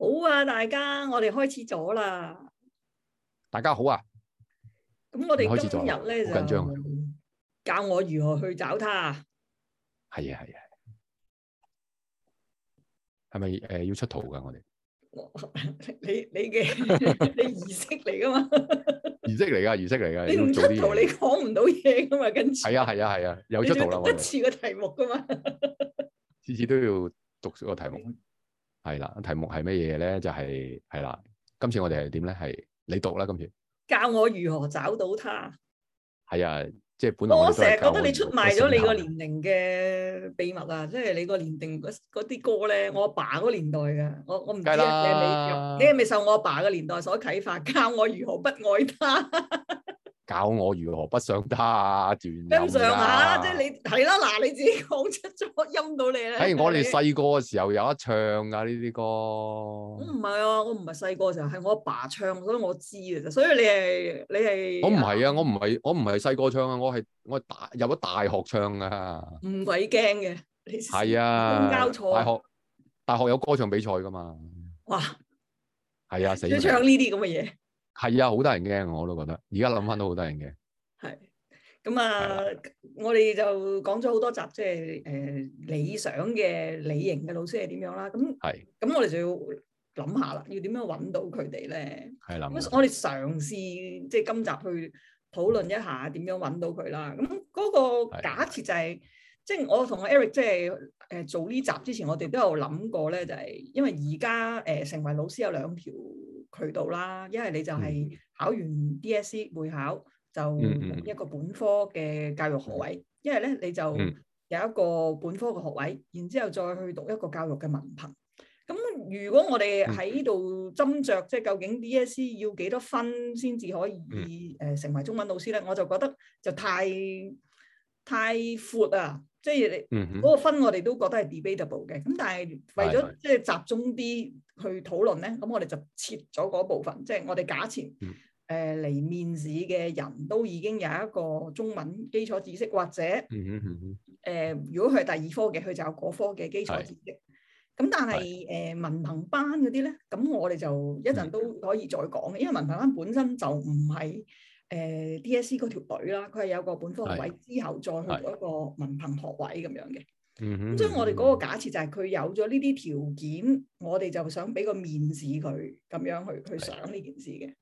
好啊，大家，我哋開始咗啦。大家好啊。咁我哋今日咧就緊張。教我如何去找他、啊。係啊，係啊，係。係咪誒要出圖噶？我哋。 你你嘅你儀式嚟噶嘛？儀 式嚟噶儀式嚟噶。你唔出圖，你講唔到嘢噶嘛？跟住。係啊，係啊，係啊，有、啊啊、出圖啦。我哋一次嘅題目噶嘛？次次都要讀，個題， 都要讀個題目。係啦，題目係乜嘢咧？就係係啦，今次我哋係點咧？係你讀啦，今次教我如何找到他？係啊，即係本來我成日覺得你出賣咗你個年齡嘅秘密啊！即係你個年齡嗰啲歌咧，我阿爸嗰年代嘅，我我唔知，啊的！你係咪受我阿爸嗰年代所啟發？教我如何不愛他？ 教我如何不想他啊！轉音啊！即係你係啦，嗱，你自己講出咗音到你咧。喺的的我哋細個嘅時候有得唱噶呢啲歌。我唔係啊，我唔係細個嘅時候，係我阿爸,爸唱，所以我知嘅啫。所以你係你係。我唔係啊！我唔係我唔係細個唱啊！我係我係大入咗大學唱噶。唔鬼驚嘅，係啊！咁交錯大學大學有歌唱比賽噶嘛？哇！係啊！死要唱呢啲咁嘅嘢。係啊，好得人驚，我都覺得。而家諗返都好得人驚。係，咁啊，的我哋就講咗好多集，即係誒、呃、理想嘅理型嘅老師係點樣啦。咁係，咁的我哋就要諗下啦，要點樣揾到佢哋咧？係啦的。咁我哋嘗試即係今集去討論一下點樣揾到佢啦。咁嗰個假設就係、是，即係的我同 Eric 即係誒做呢集之前，我哋都有諗過咧，就係、是、因為而家誒成為老師有兩條渠道啦，一係你就係考完 DSE 會考就一個本科嘅教育學位，一係咧你就有一個本科嘅學位，然之後再去讀一個教育嘅文憑。咁如果我哋喺度斟酌，即係究竟 DSE 要幾多分先至可以誒成為中文老師咧？我就覺得就太太闊啊！即係你嗰個分，我哋都覺得係 debatable 嘅。咁但係為咗即係集中啲去討論咧，咁的我哋就切咗嗰部分。即係我哋假設誒嚟、嗯呃、面試嘅人都已經有一個中文基礎知識，或者誒、嗯哼呃、如果佢係第二科嘅，佢就有嗰科嘅基礎知識。咁的但係誒的、呃、文憑班嗰啲咧，咁我哋就一陣都可以再講嘅，嗯、因為文憑班本身就唔係。誒、呃、DSC 嗰條隊啦，佢係有個本科學位是之後再去一個文憑學位咁樣嘅。嗯哼，所以我哋嗰個假設就係佢有咗呢啲條件，嗯、哼我哋就想俾個面試佢，咁樣去去想呢件事嘅。咁、嗯、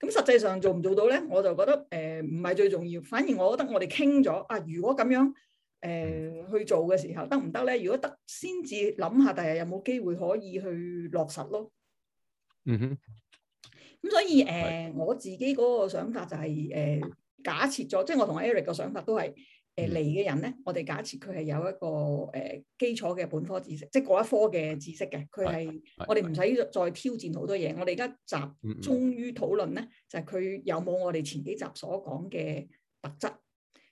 哼實際上做唔做到咧？我就覺得誒唔係最重要，反而我覺得我哋傾咗啊，如果咁樣誒、呃、去做嘅時候得唔得咧？如果得，先至諗下，第日有冇機會可以去落實咯。嗯哼。咁所以誒、呃，我自己嗰個想法就係、是、誒、呃，假設咗，即係我同 Eric 嘅想法都係誒嚟嘅人咧，我哋假設佢係有一個誒、呃、基礎嘅本科知識，即係嗰一科嘅知識嘅，佢係我哋唔使再挑戰好多嘢。我哋而家集中於討論咧，嗯、就係佢有冇我哋前幾集所講嘅特質。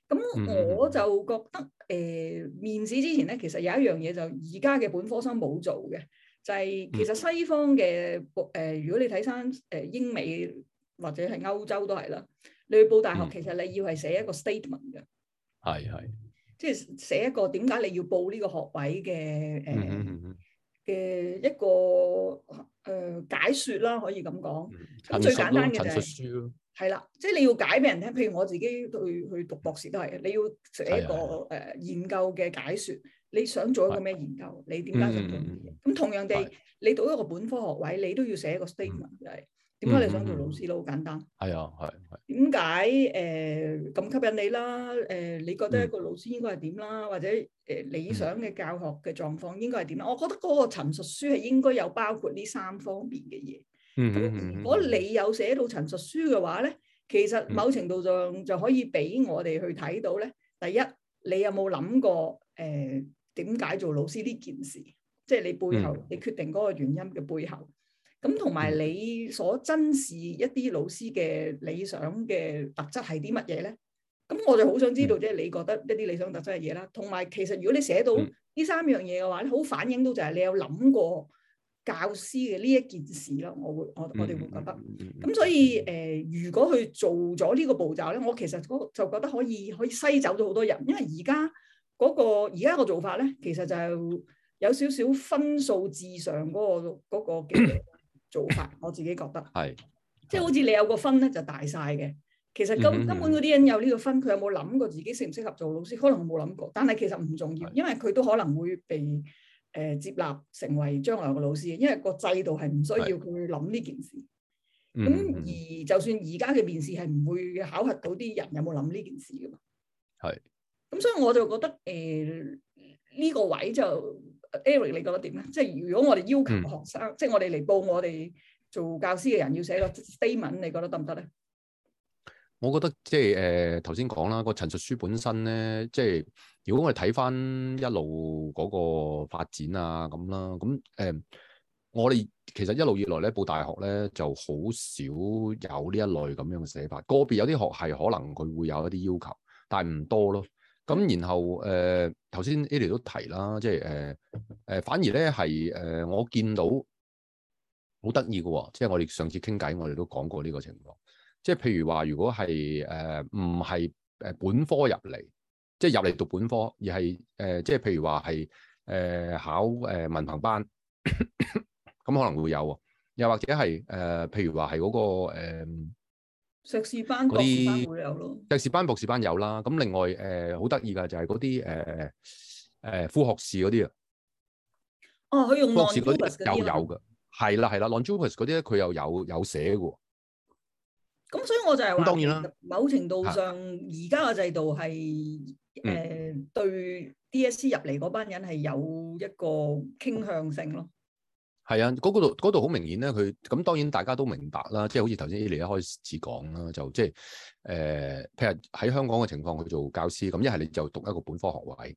咁我就覺得誒、呃，面試之前咧，其實有一樣嘢就而家嘅本科生冇做嘅。就係、是、其實西方嘅誒、呃，如果你睇返誒英美或者係歐洲都係啦，你去報大學、嗯、其實你要係寫一個 statement 嘅，係係是，即係寫一個點解你要報呢個學位嘅誒嘅一個誒、呃、解説啦，可以咁講。咁、嗯、最簡單嘅就陳、是、係啦，即、就、係、是、你要解畀人聽。譬如我自己去去讀博士都係，你要寫一個誒研究嘅解説。你想做一個咩研究？你點解想做呢啲嘢？咁同樣地，你讀一個本科學位，你都要寫一個 statement，就係點解你想做老師咯？好簡單。係啊，係。點解誒咁吸引你啦？誒，你覺得一個老師應該係點啦？或者誒理想嘅教學嘅狀況應該係點？我覺得嗰個陳述書係應該有包括呢三方面嘅嘢。嗯，如果你有寫到陳述書嘅話咧，其實某程度上就可以俾我哋去睇到咧。第一，你有冇諗過誒？點解做老師呢件事？即係你背後你決定嗰個原因嘅背後，咁同埋你所珍視一啲老師嘅理想嘅特質係啲乜嘢咧？咁我就好想知道即係，你覺得一啲理想特質嘅嘢啦。同埋其實如果你寫到呢三樣嘢嘅話，咧好反映到就係你有諗過教師嘅呢一件事咯。我會我我哋會覺得咁，所以誒、呃，如果去做咗呢個步驟咧，我其實就覺得可以可以篩走咗好多人，因為而家。嗰個而家個做法咧，其實就有少少分數至上嗰、嗰個嘅、嗰個、做法，我自己覺得係，是即係好似你有個分咧就大晒嘅。其實根、嗯、哼根本嗰啲人有呢個分，佢有冇諗過自己適唔適合做老師？可能冇諗過，但係其實唔重要，是因為佢都可能會被誒、呃、接納成為將來嘅老師。因為個制度係唔需要佢諗呢件事。咁是、嗯、哼而就算而家嘅面試係唔會考核到啲人有冇諗呢件事㗎嘛？係。咁、嗯、所以我就覺得誒呢、呃呢個位就 Eric，你覺得點咧？即係如果我哋要求學生，嗯、即係我哋嚟報我哋做教師嘅人要寫個 Statement，你覺得得唔得咧？我覺得即係誒頭先講啦，呃嗰個陳述書本身咧，即係如果我哋睇翻一路嗰個發展啊咁啦，咁誒、呃、我哋其實一路以來咧報大學咧就好少有呢一類咁樣嘅寫法，個別有啲學系可能佢會有一啲要求，但係唔多咯。咁然後誒頭先 Ada 都提啦，即係誒誒反而咧係誒我見到好得意嘅喎，即係我哋上次傾偈，我哋都講過呢個情況。即係譬如話，如果係誒唔係誒本科入嚟，即係入嚟讀本科，而係誒、呃、即係譬如話係誒考誒、呃、文憑班，咁 可能會有喎。又或者係誒、呃、譬如話係嗰個、呃碩士班、博士班會有咯。碩士班、博士班有啦。咁另外，誒、呃，好得意噶就係嗰啲，誒、呃，誒、呃，副學士嗰啲啊。哦，佢用 language 又有噶。係啦係啦 language 嗰啲咧，佢又有有寫噶。咁所以我就係。咁當然啦。某程度上，而家嘅制度係，誒、呃，嗯、對 DSE 入嚟嗰班人係有一個傾向性咯。係啊，嗰、那個、度、那個、度好明顯咧，佢咁當然大家都明白啦。即係好似頭先伊研一開始講啦，就即係誒、呃，譬如喺香港嘅情況，去做教師咁，一係你就讀一個本科學位，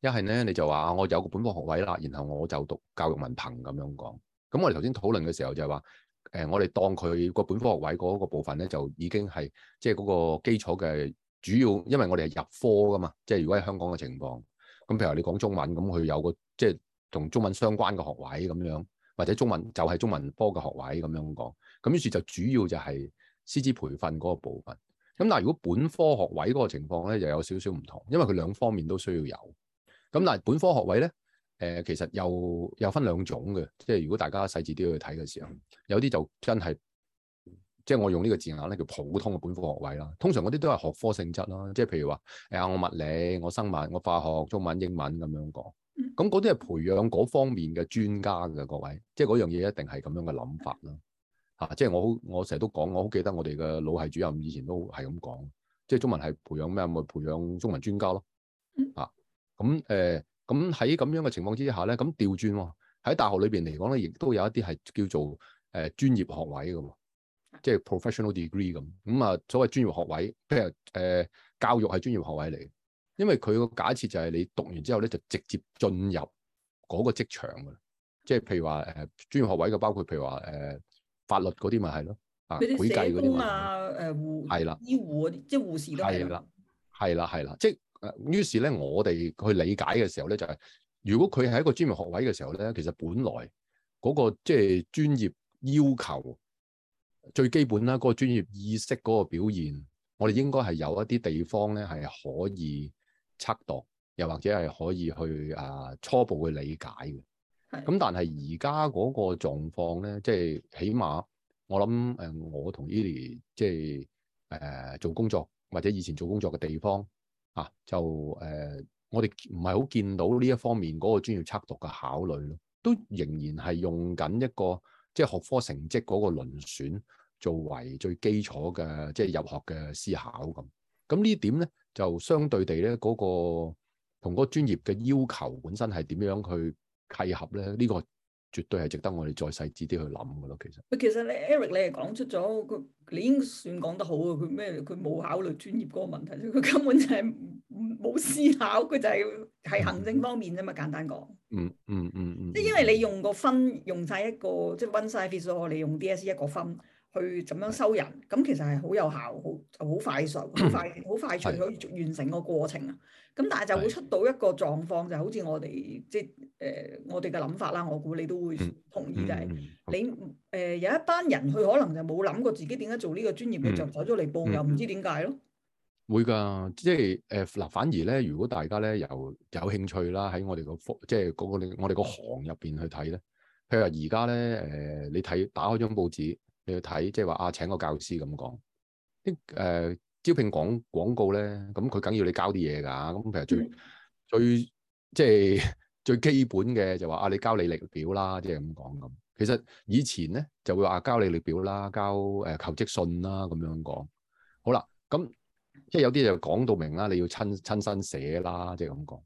一係咧你就話我有個本科學位啦，然後我就讀教育文憑咁樣講。咁、嗯、我哋頭先討論嘅時候就係話，誒、呃、我哋當佢個本科學位嗰個部分咧，就已經係即係嗰個基礎嘅主要，因為我哋係入科㗎嘛。即係如果喺香港嘅情況，咁、嗯、譬如你講中文，咁、嗯、佢有個即係同中文相關嘅學位咁樣。或者中文就係、是、中文科嘅學位咁樣講，咁於是就主要就係師資培訓嗰個部分。咁但係如果本科學位嗰個情況咧，又有少少唔同，因為佢兩方面都需要有。咁但係本科學位咧，誒、呃、其實又又分兩種嘅，即係如果大家細緻啲去睇嘅時候，有啲就真係，即、就、係、是、我用呢個字眼咧叫普通嘅本科學位啦。通常嗰啲都係學科性質啦，即係譬如話誒、呃，我物理、我生物、我化學、中文、英文咁樣講。咁嗰啲係培養嗰方面嘅專家㗎，各位，即係嗰樣嘢一定係咁樣嘅諗法咯，吓、嗯啊，即係我我成日都講，我好記得我哋嘅老系主任以前都係咁講，即係中文系培養咩？咪培養中文專家咯，吓、嗯，咁誒、啊，咁喺咁樣嘅情況之下咧，咁調轉喎，喺大學裏邊嚟講咧，亦都有一啲係叫做誒呃、專業學位噶，即係 professional degree 咁，咁、嗯、啊所謂專業學位，譬如誒、呃、教育係專業學位嚟。因為佢個假設就係你讀完之後咧，就直接進入嗰個職場噶啦。即係譬如話誒，專業學位嘅，包括譬如話誒、呃、法律嗰啲咪係咯，啊會計嗰啲啊，誒護係啦，醫護嗰啲，即係護士都係啦，係啦係啦。即係誒，於是咧，我哋去理解嘅時候咧，就係、是、如果佢係一個專業學位嘅時候咧，其實本來嗰、那個即係專業要求最基本啦，嗰個專業意識嗰個表現，我哋應該係有一啲地方咧係可以。測度又或者係可以去誒、啊、初步去理解嘅，咁的、嗯、但係而家嗰個狀況咧，即、就、係、是、起碼我諗誒，我同 Eli 即係誒做工作或者以前做工作嘅地方啊，就誒、呃、我哋唔係好見到呢一方面嗰個專業測度嘅考慮咯，都仍然係用緊一個即係、就是、學科成績嗰個遴選作為最基礎嘅即係入學嘅思考咁。咁呢點咧，就相對地咧、那個，嗰個同嗰個專業嘅要求本身係點樣去契合咧？呢、這個絕對係值得我哋再細緻啲去諗嘅咯，其實。其實你 Eric，你係講出咗佢，你已經算講得好啊！佢咩？佢冇考慮專業嗰個問題，佢根本就係冇思考，佢就係係行政方面啫嘛。簡單講、嗯，嗯嗯嗯嗯，即、嗯、係、嗯、因為你用個分用晒一個，即係 one size f i 你用 DSE 一個分。去怎樣收人咁其實係好有效，好好快,快,快速，好快好快脆可以完成個過程啊。咁的但係就會出到一個狀況，就是、好似我哋的即係誒、呃、我哋嘅諗法啦。我估你都會同意、就是，就係、嗯嗯嗯、你誒、呃、有一班人，佢可能就冇諗過自己點解做呢個專業嘅，嗯、就走咗嚟報，嗯嗯、又唔知點解咯。會㗎，即係誒嗱。反而咧，如果大家咧由有,有,有興趣啦，喺我哋個即係嗰我哋個行入邊去睇咧，譬如話而家咧誒，你睇打開張報紙,報紙。你去睇，即係話啊，請個教師咁講啲誒，招聘廣廣告咧，咁佢梗要你交啲嘢噶，咁其實最最即係、就是、最基本嘅就話、是、啊，你交履歷表啦，即係咁講咁。其實以前咧就會話、啊、交履歷表啦，交誒、呃、求職信啦咁樣講。好啦，咁即係有啲就講到明啦，你要親親身寫啦，即係咁講。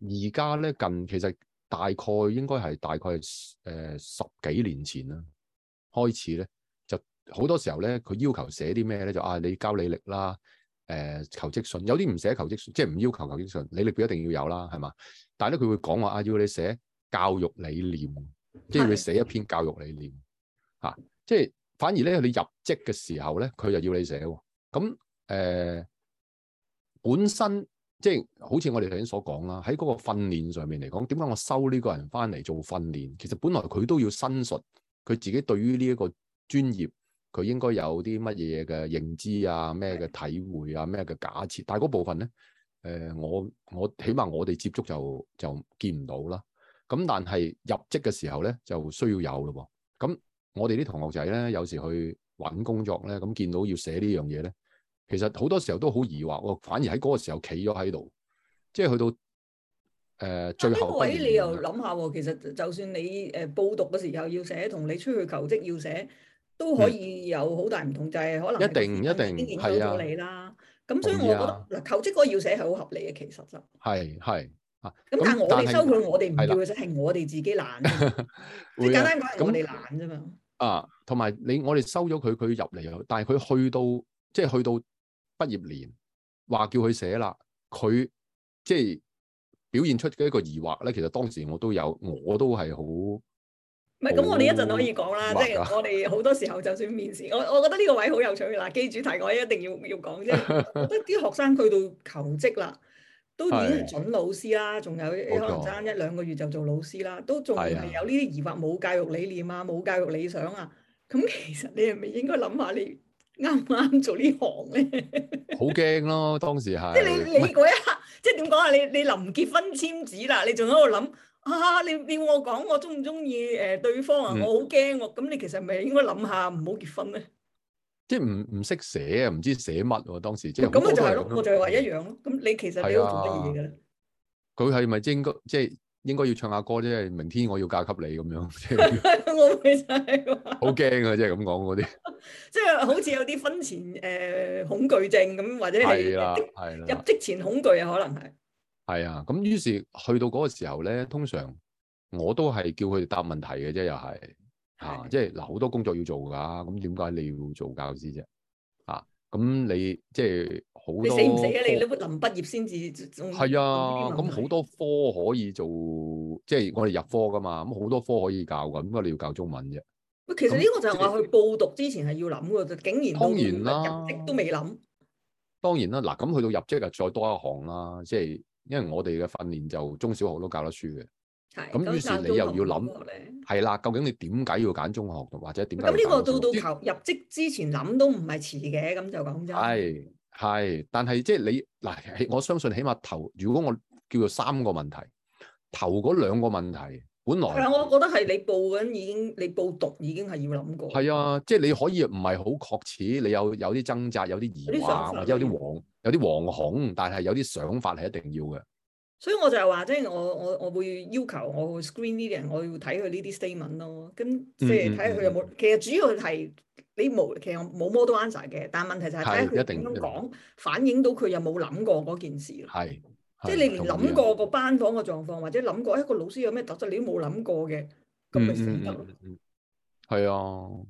而家咧近其實大概應該係大概誒、呃、十幾年前啦，開始咧。好多時候咧，佢要求寫啲咩咧？就啊，你交履歷啦，誒、呃，求職信有啲唔寫求職信，即係唔要求求職信，履歷表一定要有啦，係嘛？但係咧，佢會講話啊，要你寫教育理念，即係要你寫一篇教育理念，吓的、啊，即係反而咧，你入職嘅時候咧，佢就要你寫。咁誒、呃，本身即係、就是、好似我哋頭先所講啦，喺嗰個訓練上面嚟講，點解我收呢個人翻嚟做訓練？其實本來佢都要申述，佢自己對於呢一個專業。佢應該有啲乜嘢嘅認知啊？咩嘅體會啊？咩嘅假設？但係嗰部分咧，誒、呃、我我起碼我哋接觸就就見唔到啦。咁但係入職嘅時候咧，就需要有咯。咁我哋啲同學仔咧，有時去搵工作咧，咁見到要寫呢樣嘢咧，其實好多時候都好疑惑喎。反而喺嗰個時候企咗喺度，即係去到誒、呃、最後。咁你又諗下、啊，其實就算你誒報讀嘅時候要寫，同你出去求職要寫。都可以有好大唔同，就係可能一定一定係啊。咁所以，我覺得求職嗰個要寫係好合理嘅，其實就係係啊。咁但係我哋收佢，我哋唔要嘅，實係我哋自己懶。即簡單講係我哋懶啫嘛。啊，同埋你我哋收咗佢，佢入嚟又，但係佢去到即係去到畢業年，話叫佢寫啦，佢即係表現出嘅一個疑惑咧。其實當時我都有，我都係好。唔係，咁我哋一陣可以講啦，啊、即係我哋好多時候，就算面試，我我覺得呢個位好有趣。嗱，記住提我一定要要講，即係覺得啲學生去到求職啦，都已經準老師啦，仲的有可能爭一兩個月就做老師啦，的都仲係有呢啲疑惑，冇教育理念啊，冇教育理想啊，咁其實你係咪應該諗下你啱唔啱做行呢行咧？好驚咯！當時係即係你你嗰一刻，麼即係點講啊？你你，你臨結婚簽紙啦，你仲喺度諗。啊！你要我講我中唔中意誒對方啊？嗯、我好驚我咁，你其實咪應該諗下唔好結婚咧。即係唔唔識寫啊，唔知寫乜喎？當時即係咁咯，就係、是、咯，我就係話一樣咯。咁、嗯、你其實你都做乜嘢嘅咧？佢係咪即係應該即係應該要唱下歌即咧？即係、明天我要嫁給你咁樣。即樣 我其實好驚啊！即係咁講嗰啲，即係 好似有啲婚前誒、呃、恐懼症咁，或者係入職前恐懼啊，的 可能係是。 係啊，咁於是去到嗰個時候咧，通常我都係叫佢哋答問題嘅啫，又係嚇，即係嗱好多工作要做㗎。咁點解你要做教師啫？啊，咁你即係好你死唔死啊？你你臨畢業先至係啊，咁好多科可以做，即係我哋入科㗎嘛。咁好多科可以教㗎，點解你要教中文啫？其實呢個就係我去報讀之前係要諗嘅，嗯、竟然、啊、竟然當然啦、啊，入職都未諗。當然啦，嗱咁去到入職就再多一行啦，即係。因為我哋嘅訓練就中小學都教得書嘅，咁係於是你又要諗，係啦，究竟你點解要揀中學，或者點解要揀小學？咁呢個到到頭入職之前諗都唔係遲嘅，咁就講咗。係係，但係即係你嗱，我相信起碼頭，如果我叫做三個問題，頭嗰兩個問題。本來係我覺得係你報緊已經，你報讀已經係要諗過。係啊，即係你可以唔係好確切，你有有啲掙扎，有啲疑惑，或者有啲惶，有啲惶恐，但係有啲想法係一定要嘅。所以我就係話即係，我我我會要求我會 screen 呢啲人，我要睇佢呢啲 statement 咯。咁即係睇下佢有冇，嗯、其實主要係你冇，其實冇 model answer 嘅。但問題就係睇佢一點樣講，反映到佢有冇諗過嗰件事咯。即係你諗過個班房嘅狀況，或者諗過一個老師有咩特質，你都冇諗過嘅，咁咪死得咯。係、嗯嗯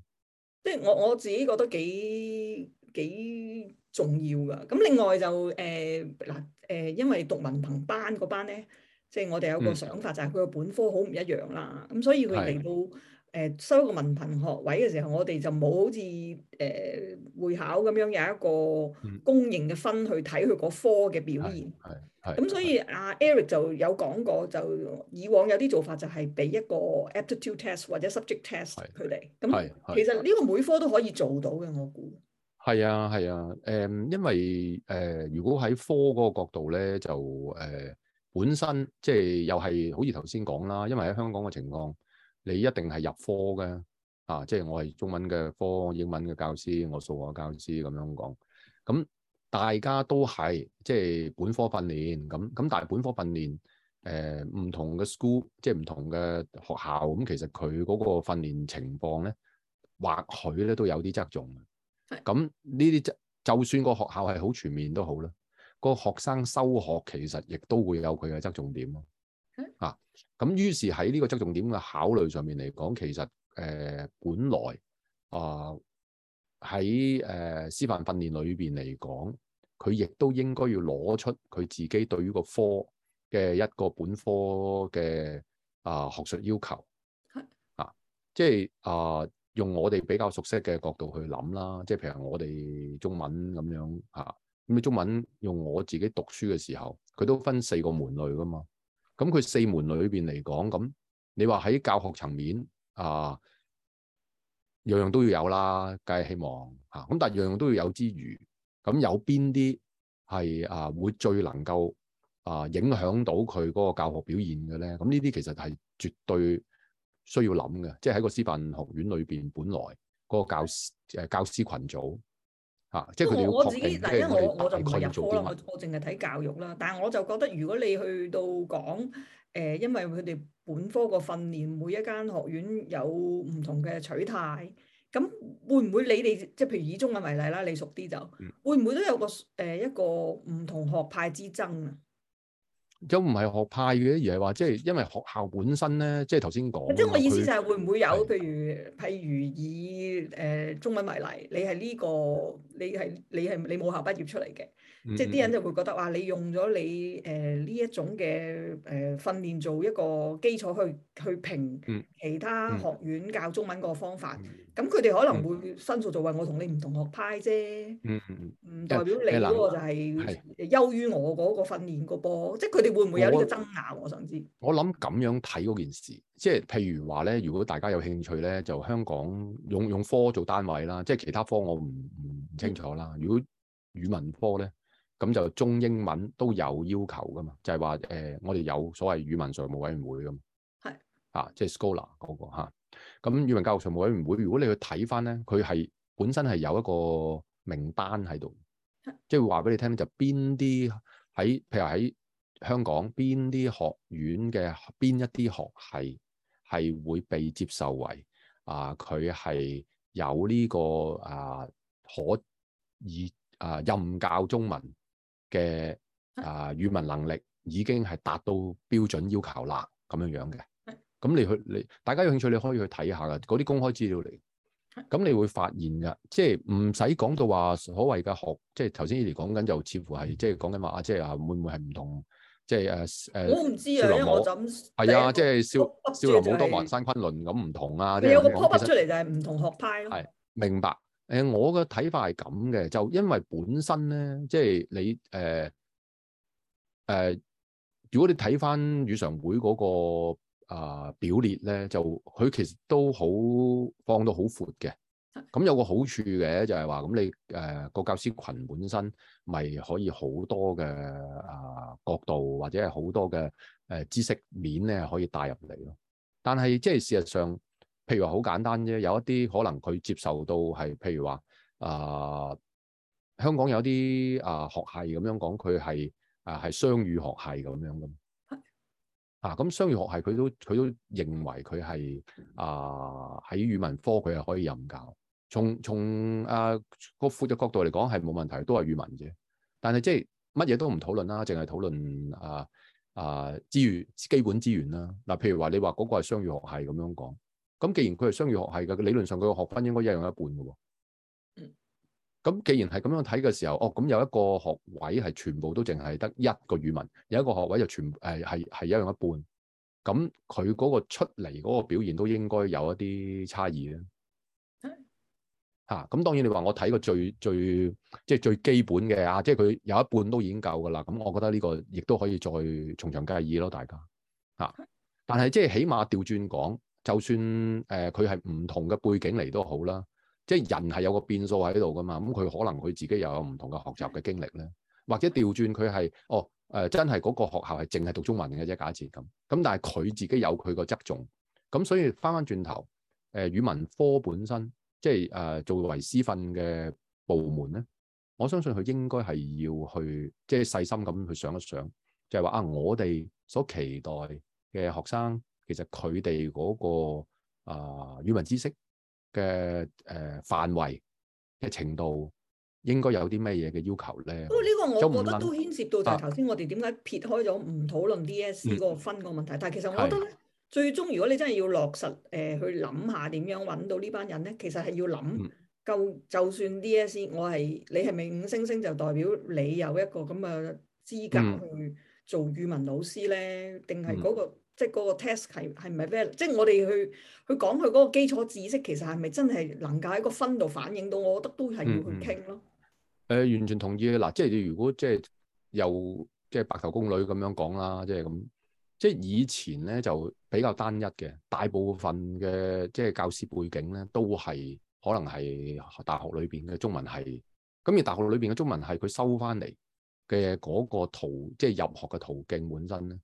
嗯嗯、啊，即係我我自己覺得幾幾重要噶。咁另外就誒嗱誒，因為讀文憑班個班咧，即係我哋有個想法、嗯、就係佢個本科好唔一樣啦。咁所以佢嚟到。誒、呃、收一個文憑學位嘅時候，我哋就冇好似誒、呃、會考咁樣有一個公認嘅分去睇佢嗰科嘅表現。係係。咁所以阿、啊、Eric 就有講過，就以往有啲做法就係俾一個 aptitude test 或者 subject test 佢哋。咁係。其實呢個每科都可以做到嘅，我估。係啊係啊，誒因為誒如果喺科嗰個角度咧，就誒本身即係又係好似頭先講啦，因為喺、呃呃就是、香港嘅情況。你一定係入科嘅，啊，即係我係中文嘅科，英文嘅教師，我數學教師咁樣講。咁、嗯、大家都係即係本科訓練咁，咁但係本科訓練，誒、嗯、唔、呃、同嘅 school，即係唔同嘅學校咁、嗯，其實佢嗰個訓練情況咧，或許咧都有啲側重。係、嗯。咁呢啲就就算個學校係好全面都好啦，個學生修學其實亦都會有佢嘅側重點咯。啊，咁於是喺呢個側重點嘅考慮上面嚟講，其實誒、呃，本來啊喺誒師範訓練裏邊嚟講，佢亦都應該要攞出佢自己對於個科嘅一個本科嘅啊、呃、學術要求。係、啊、即係啊、呃，用我哋比較熟悉嘅角度去諗啦，即係譬如我哋中文咁樣嚇，咁、啊、你中文用我自己讀書嘅時候，佢都分四個門類㗎嘛。咁佢四門裏邊嚟講，咁你話喺教學層面啊，樣樣都要有啦，梗係希望吓。咁、啊、但係樣樣都要有之餘，咁有邊啲係啊會最能夠啊影響到佢嗰個教學表現嘅咧？咁呢啲其實係絕對需要諗嘅，即係喺個師範學院裏邊，本來嗰個教師誒教師羣組。吓，即係我自己嗱，因為我我就唔係入科啦，我我淨係睇教育啦。但係我就覺得，如果你去到講誒、呃，因為佢哋本科個訓練，每一間學院有唔同嘅取態，咁會唔會你哋即係譬如以中文為例啦，你熟啲就會唔會都有個誒一個唔、呃、同學派之爭啊？又唔係學派嘅，而係話即係因為學校本身咧，即係頭先講，即係我意思就係會唔會有譬如譬如以誒、呃、中文為例，你係呢個？你係你係你母校畢業出嚟嘅，嗯、即係啲人就會覺得話你用咗你誒呢、呃、一種嘅誒、呃、訓練做一個基礎去去評其他學院教中文個方法，咁佢哋可能會申訴做為我同你唔同學派啫，唔、嗯嗯嗯、代表你嗰個就係、欸欸、優於我嗰個訓練個噃，即係佢哋會唔會有呢個爭拗？我想知。我諗咁樣睇嗰件事。即係譬如話咧，如果大家有興趣咧，就香港用用科做單位啦。即係其他科我唔唔清楚啦。如果語文科咧，咁就中英文都有要求噶嘛。就係話誒，我哋有所謂語文常務委員會噶嘛。係是啊，即係 SCOLAR 嗰、那個嚇。咁、啊、語文教育常務委員會，如果你去睇翻咧，佢係本身係有一個名單喺度，是即係會話俾你聽就邊啲喺譬如喺香港邊啲學院嘅邊一啲學系。係會被接受為啊，佢、呃、係有呢、呢個啊、呃、可以啊、呃、任教中文嘅啊、呃、語文能力已經係達到標準要求啦咁樣樣嘅。咁你去你大家有興趣，你可以去睇下噶，嗰啲公開資料嚟。咁你會發現㗎，即係唔使講到話所謂嘅學，即係頭先依嚟講緊就似乎係即係講緊話，即係啊即會唔會係唔同？即係誒誒，就是 uh, 我唔知啊，我就咁係啊，即係是個少少林武當華、就是、山昆侖咁唔同啊。你是有個圖表出嚟就係唔同學派咯、啊。係明白誒，我嘅睇法係咁嘅，就因為本身咧，即、就、係、是、你誒誒、呃呃，如果你睇翻語常會嗰個啊表列咧，就佢其實都好放到好闊嘅。咁有個好處嘅就係話，咁你誒個、呃、教師群本身咪可以好多嘅啊、呃、角度，或者係好多嘅誒、呃、知識面咧，可以帶入嚟咯。但係即係事實上，譬如話好簡單啫，有一啲可能佢接受到係，譬如話啊、呃，香港有啲啊、呃、學系咁樣講，佢係啊係雙語學系咁樣嘅。啊，咁雙語學系佢都佢都認為佢係啊喺語文科佢係可以任教。從從啊個負責角度嚟講係冇問題，都係語文啫。但係即係乜嘢都唔討論啦，淨係討論啊啊資源、基本資源啦。嗱，譬如話你話嗰個係雙語學系咁樣講，咁既然佢係雙語學系嘅，理論上佢個學分應該一樣一半噶、哦。咁既然係咁樣睇嘅時候，哦，咁有一個學位係全部都淨係得一個語文，有一個學位就全部誒係係一樣一半。咁佢嗰個出嚟嗰個表現都應該有一啲差異啦。嚇！咁、啊、當然你話我睇過最最即係最基本嘅啊，即係佢有一半都已經夠㗎啦。咁、啊、我覺得呢個亦都可以再從長計議咯，大家嚇、啊。但係即係起碼調轉講，就算誒佢係唔同嘅背景嚟都好啦。即係人係有個變數喺度㗎嘛。咁、嗯、佢可能佢自己又有唔同嘅學習嘅經歷咧，或者調轉佢係哦誒、呃，真係嗰個學校係淨係讀中文嘅啫。假設咁咁、嗯，但係佢自己有佢個側重。咁、嗯、所以翻翻轉頭誒語文科本身，即係誒、呃，作為師訓嘅部門咧，我相信佢應該係要去，即係細心咁去想一想就，就係話啊，我哋所期待嘅學生，其實佢哋嗰個啊、呃、語文知識嘅誒範圍嘅程度，應該有啲咩嘢嘅要求咧？不過呢個我覺得都牽涉到就係頭先我哋點解撇開咗唔討論 DSE 個分個問題，嗯、但係其實我覺得咧。最終，如果你真係要落實，誒、呃、去諗下點樣揾到呢班人咧，其實係要諗。夠、嗯、就算 DSE，我係、嗯、你係咪五星星就代表你有一個咁嘅資格去做語文老師咧？定係嗰個、嗯、即係嗰、嗰個 test 係係咪 valid，即係我哋去去講佢嗰個基礎知識，其實係咪真係能夠喺個分度反映到？我覺得都係要去傾咯。誒、嗯嗯嗯呃，完全同意。嗱，即係如果即係又即係白頭宮女咁樣講啦，即係咁。即係以前咧就比較單一嘅，大部分嘅即係教師背景咧都係可能係大學裏邊嘅中文系。咁而大學裏邊嘅中文系佢收翻嚟嘅嗰個途，即係入學嘅途徑本身咧。誒、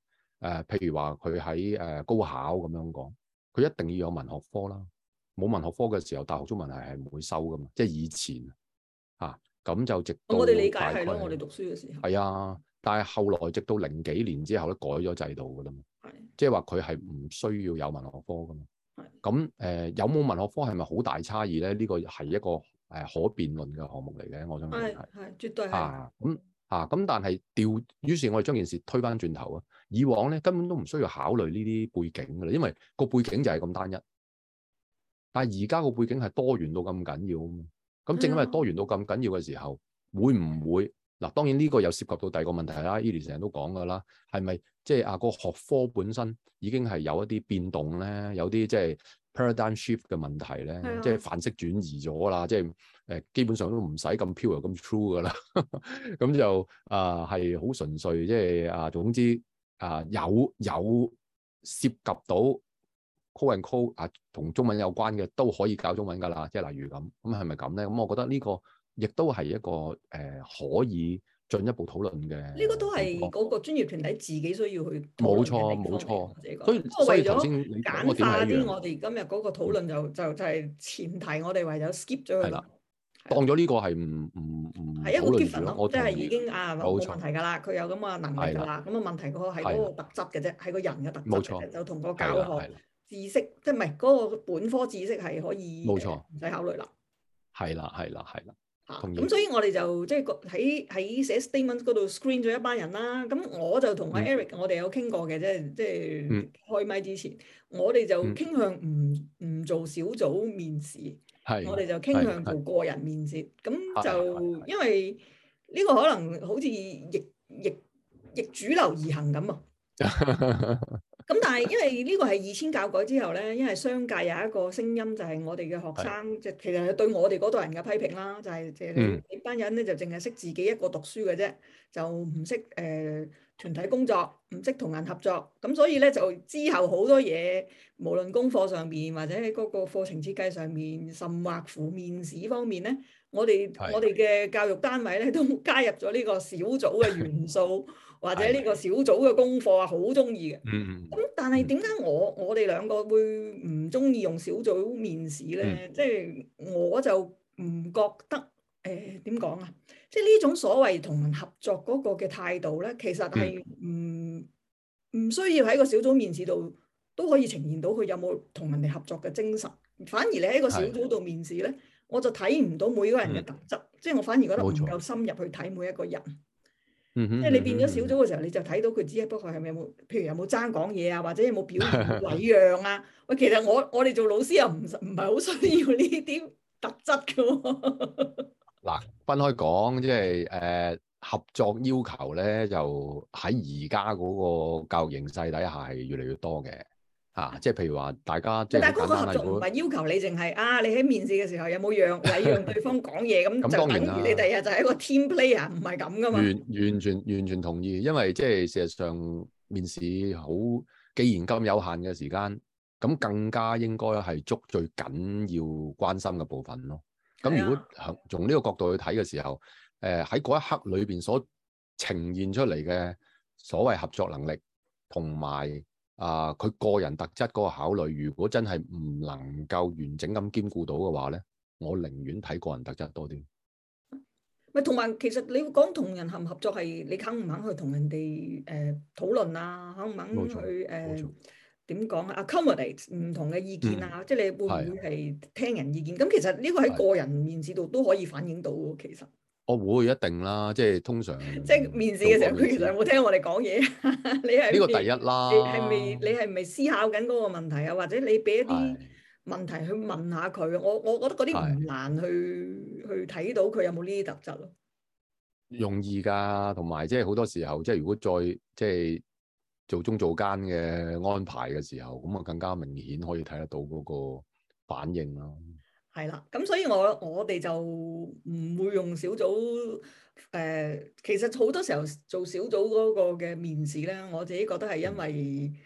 呃，譬如話佢喺誒高考咁樣講，佢一定要有文學科啦。冇文學科嘅時候，大學中文系係唔會收㗎嘛。即係以前啊，咁就直到我哋理解係咯，我哋讀書嘅時候係啊。但係後來直到零幾年之後咧，改咗制度噶啦嘛，即係話佢係唔需要有文學科噶嘛。咁誒的、呃、有冇文學科係咪好大差異咧？呢、呢個係一個誒可辯論嘅項目嚟嘅。我想講係係絕對係咁啊咁，嗯啊，但係調於是，我哋將件事推返轉頭啊。以往咧根本都唔需要考慮呢啲背景噶啦，因為個背景就係咁單一。但係而家個背景係多元到咁緊要啊嘛。咁正因為多元到咁緊要嘅時候，的會唔會？嗱，當然呢個又涉及到第二個問題啦。依年成日都講噶啦，係咪即係啊、嗰個學科本身已經係有一啲變動咧？有啲即係 paradigm shift 嘅問題咧，的即係範式轉移咗啦。即係誒，基本上都唔使咁 pure 咁 true 噶啦。咁 就啊係好純粹，即係啊總之啊有有涉及到 call and call 啊，同中文有關嘅都可以教中文噶啦。即係例如咁，咁係咪咁咧？咁我覺得呢、呢個。亦都係一個誒可以進一步討論嘅。呢個都係嗰個專業團體自己需要去。冇錯，冇錯。所以所以頭先簡單啲，我哋今日嗰個討論就就就係前提。我哋為咗 skip 咗佢。係啦。當咗呢個係唔唔唔係一個結論咯，即係已經啊冇問題㗎啦。佢有咁嘅能力㗎啦。咁啊問題個係嗰個特質嘅啫，係個人嘅特質。冇錯。就同個教學知識即係唔係嗰個本科知識係可以。冇錯。唔使考慮啦。係啦，係啦，係啦。嚇！咁、啊、所以我哋就即係個喺喺寫 statement 嗰度 screen 咗一班人啦。咁我就同阿 Eric，、嗯、我哋有傾過嘅啫，即、就、係、是、開咪之前，我哋就傾向唔唔、嗯、做小組面試，的我哋就傾向做個人面試。咁就因為呢個可能好似逆逆逆，逆主流而行咁啊。 咁、嗯、但係因為呢個係二千教改之後咧，因為商界有一個聲音就係、是、我哋嘅學生，即係的其實係對我哋嗰代人嘅批評啦，就係即係呢班人咧就淨係識自己一個讀書嘅啫，就唔識誒團體工作，唔識同人合作，咁所以咧就之後好多嘢，無論功課上面，或者喺嗰個課程設計上面，甚或乎面試方面咧，我哋的我哋嘅教育單位咧都加入咗呢個小組嘅元素。或者呢個小組嘅功課啊，好中意嘅。咁但係點解我我哋兩個會唔中意用小組面試咧？即係、嗯、我就唔覺得誒點講啊？即、呃、係呢、就是、種所謂同人合作嗰個嘅態度咧，其實係唔唔需要喺個小組面試度都可以呈現到佢有冇同人哋合作嘅精神。反而你喺個小組度面試咧，嗯、我就睇唔到每個人嘅特質，嗯、即係我反而覺得唔夠深入去睇每一個人。即係、嗯、你變咗小組嘅時候，嗯、哼你就睇到佢只不過係咪有，冇，譬如有冇爭講嘢啊，或者有冇表現禮讓啊？喂， 其實我我哋做老師又唔唔係好需要呢啲特質嘅、啊。嗱， 分開講，即係誒合作要求咧，就喺而家嗰個教育形勢底下係越嚟越多嘅。啊！即係譬如話，大家即係但係嗰個合作唔係要求你淨係啊！你喺面試嘅時候有冇讓禮讓對方講嘢咁？咁當然啦，你第日就係一個 team player，唔係咁噶嘛。完完全完全同意，因為即係事實上面試好既然咁有限嘅時間，咁更加應該係捉最緊要關心嘅部分咯。咁如果從呢個角度去睇嘅時候，誒喺嗰一刻裏邊所呈現出嚟嘅所謂合作能力同埋。啊！佢個人特質嗰個考慮，如果真係唔能夠完整咁兼顧到嘅話咧，我寧願睇個人特質多啲。咪同埋，其實你會講同人合唔合作係你肯唔肯去同人哋誒討論啊？肯唔肯去誒點、呃、講錯 accommodate 唔同嘅意見啊？嗯、即係你會唔會係聽人意見？咁的其實呢個喺個人面子度都可以反映到的其實。我會一定啦，即係通常。即係面試嘅時候，佢其實有冇聽我哋講嘢？ 你係是呢個第一啦。係咪你係咪思考緊嗰個問題啊？或者你俾一啲問題去問下佢？我的我覺得嗰啲唔難去的去睇到佢有冇呢啲特質咯、啊。容易㗎，同埋即係好多時候，即、就、係、是、如果再即係、就是、做中做間嘅安排嘅時候，咁啊更加明顯可以睇得到嗰個反應囉。係啦，咁所以我我哋就唔會用小組誒、呃，其實好多時候做小組嗰個嘅面試咧，我自己覺得係因為誒呢、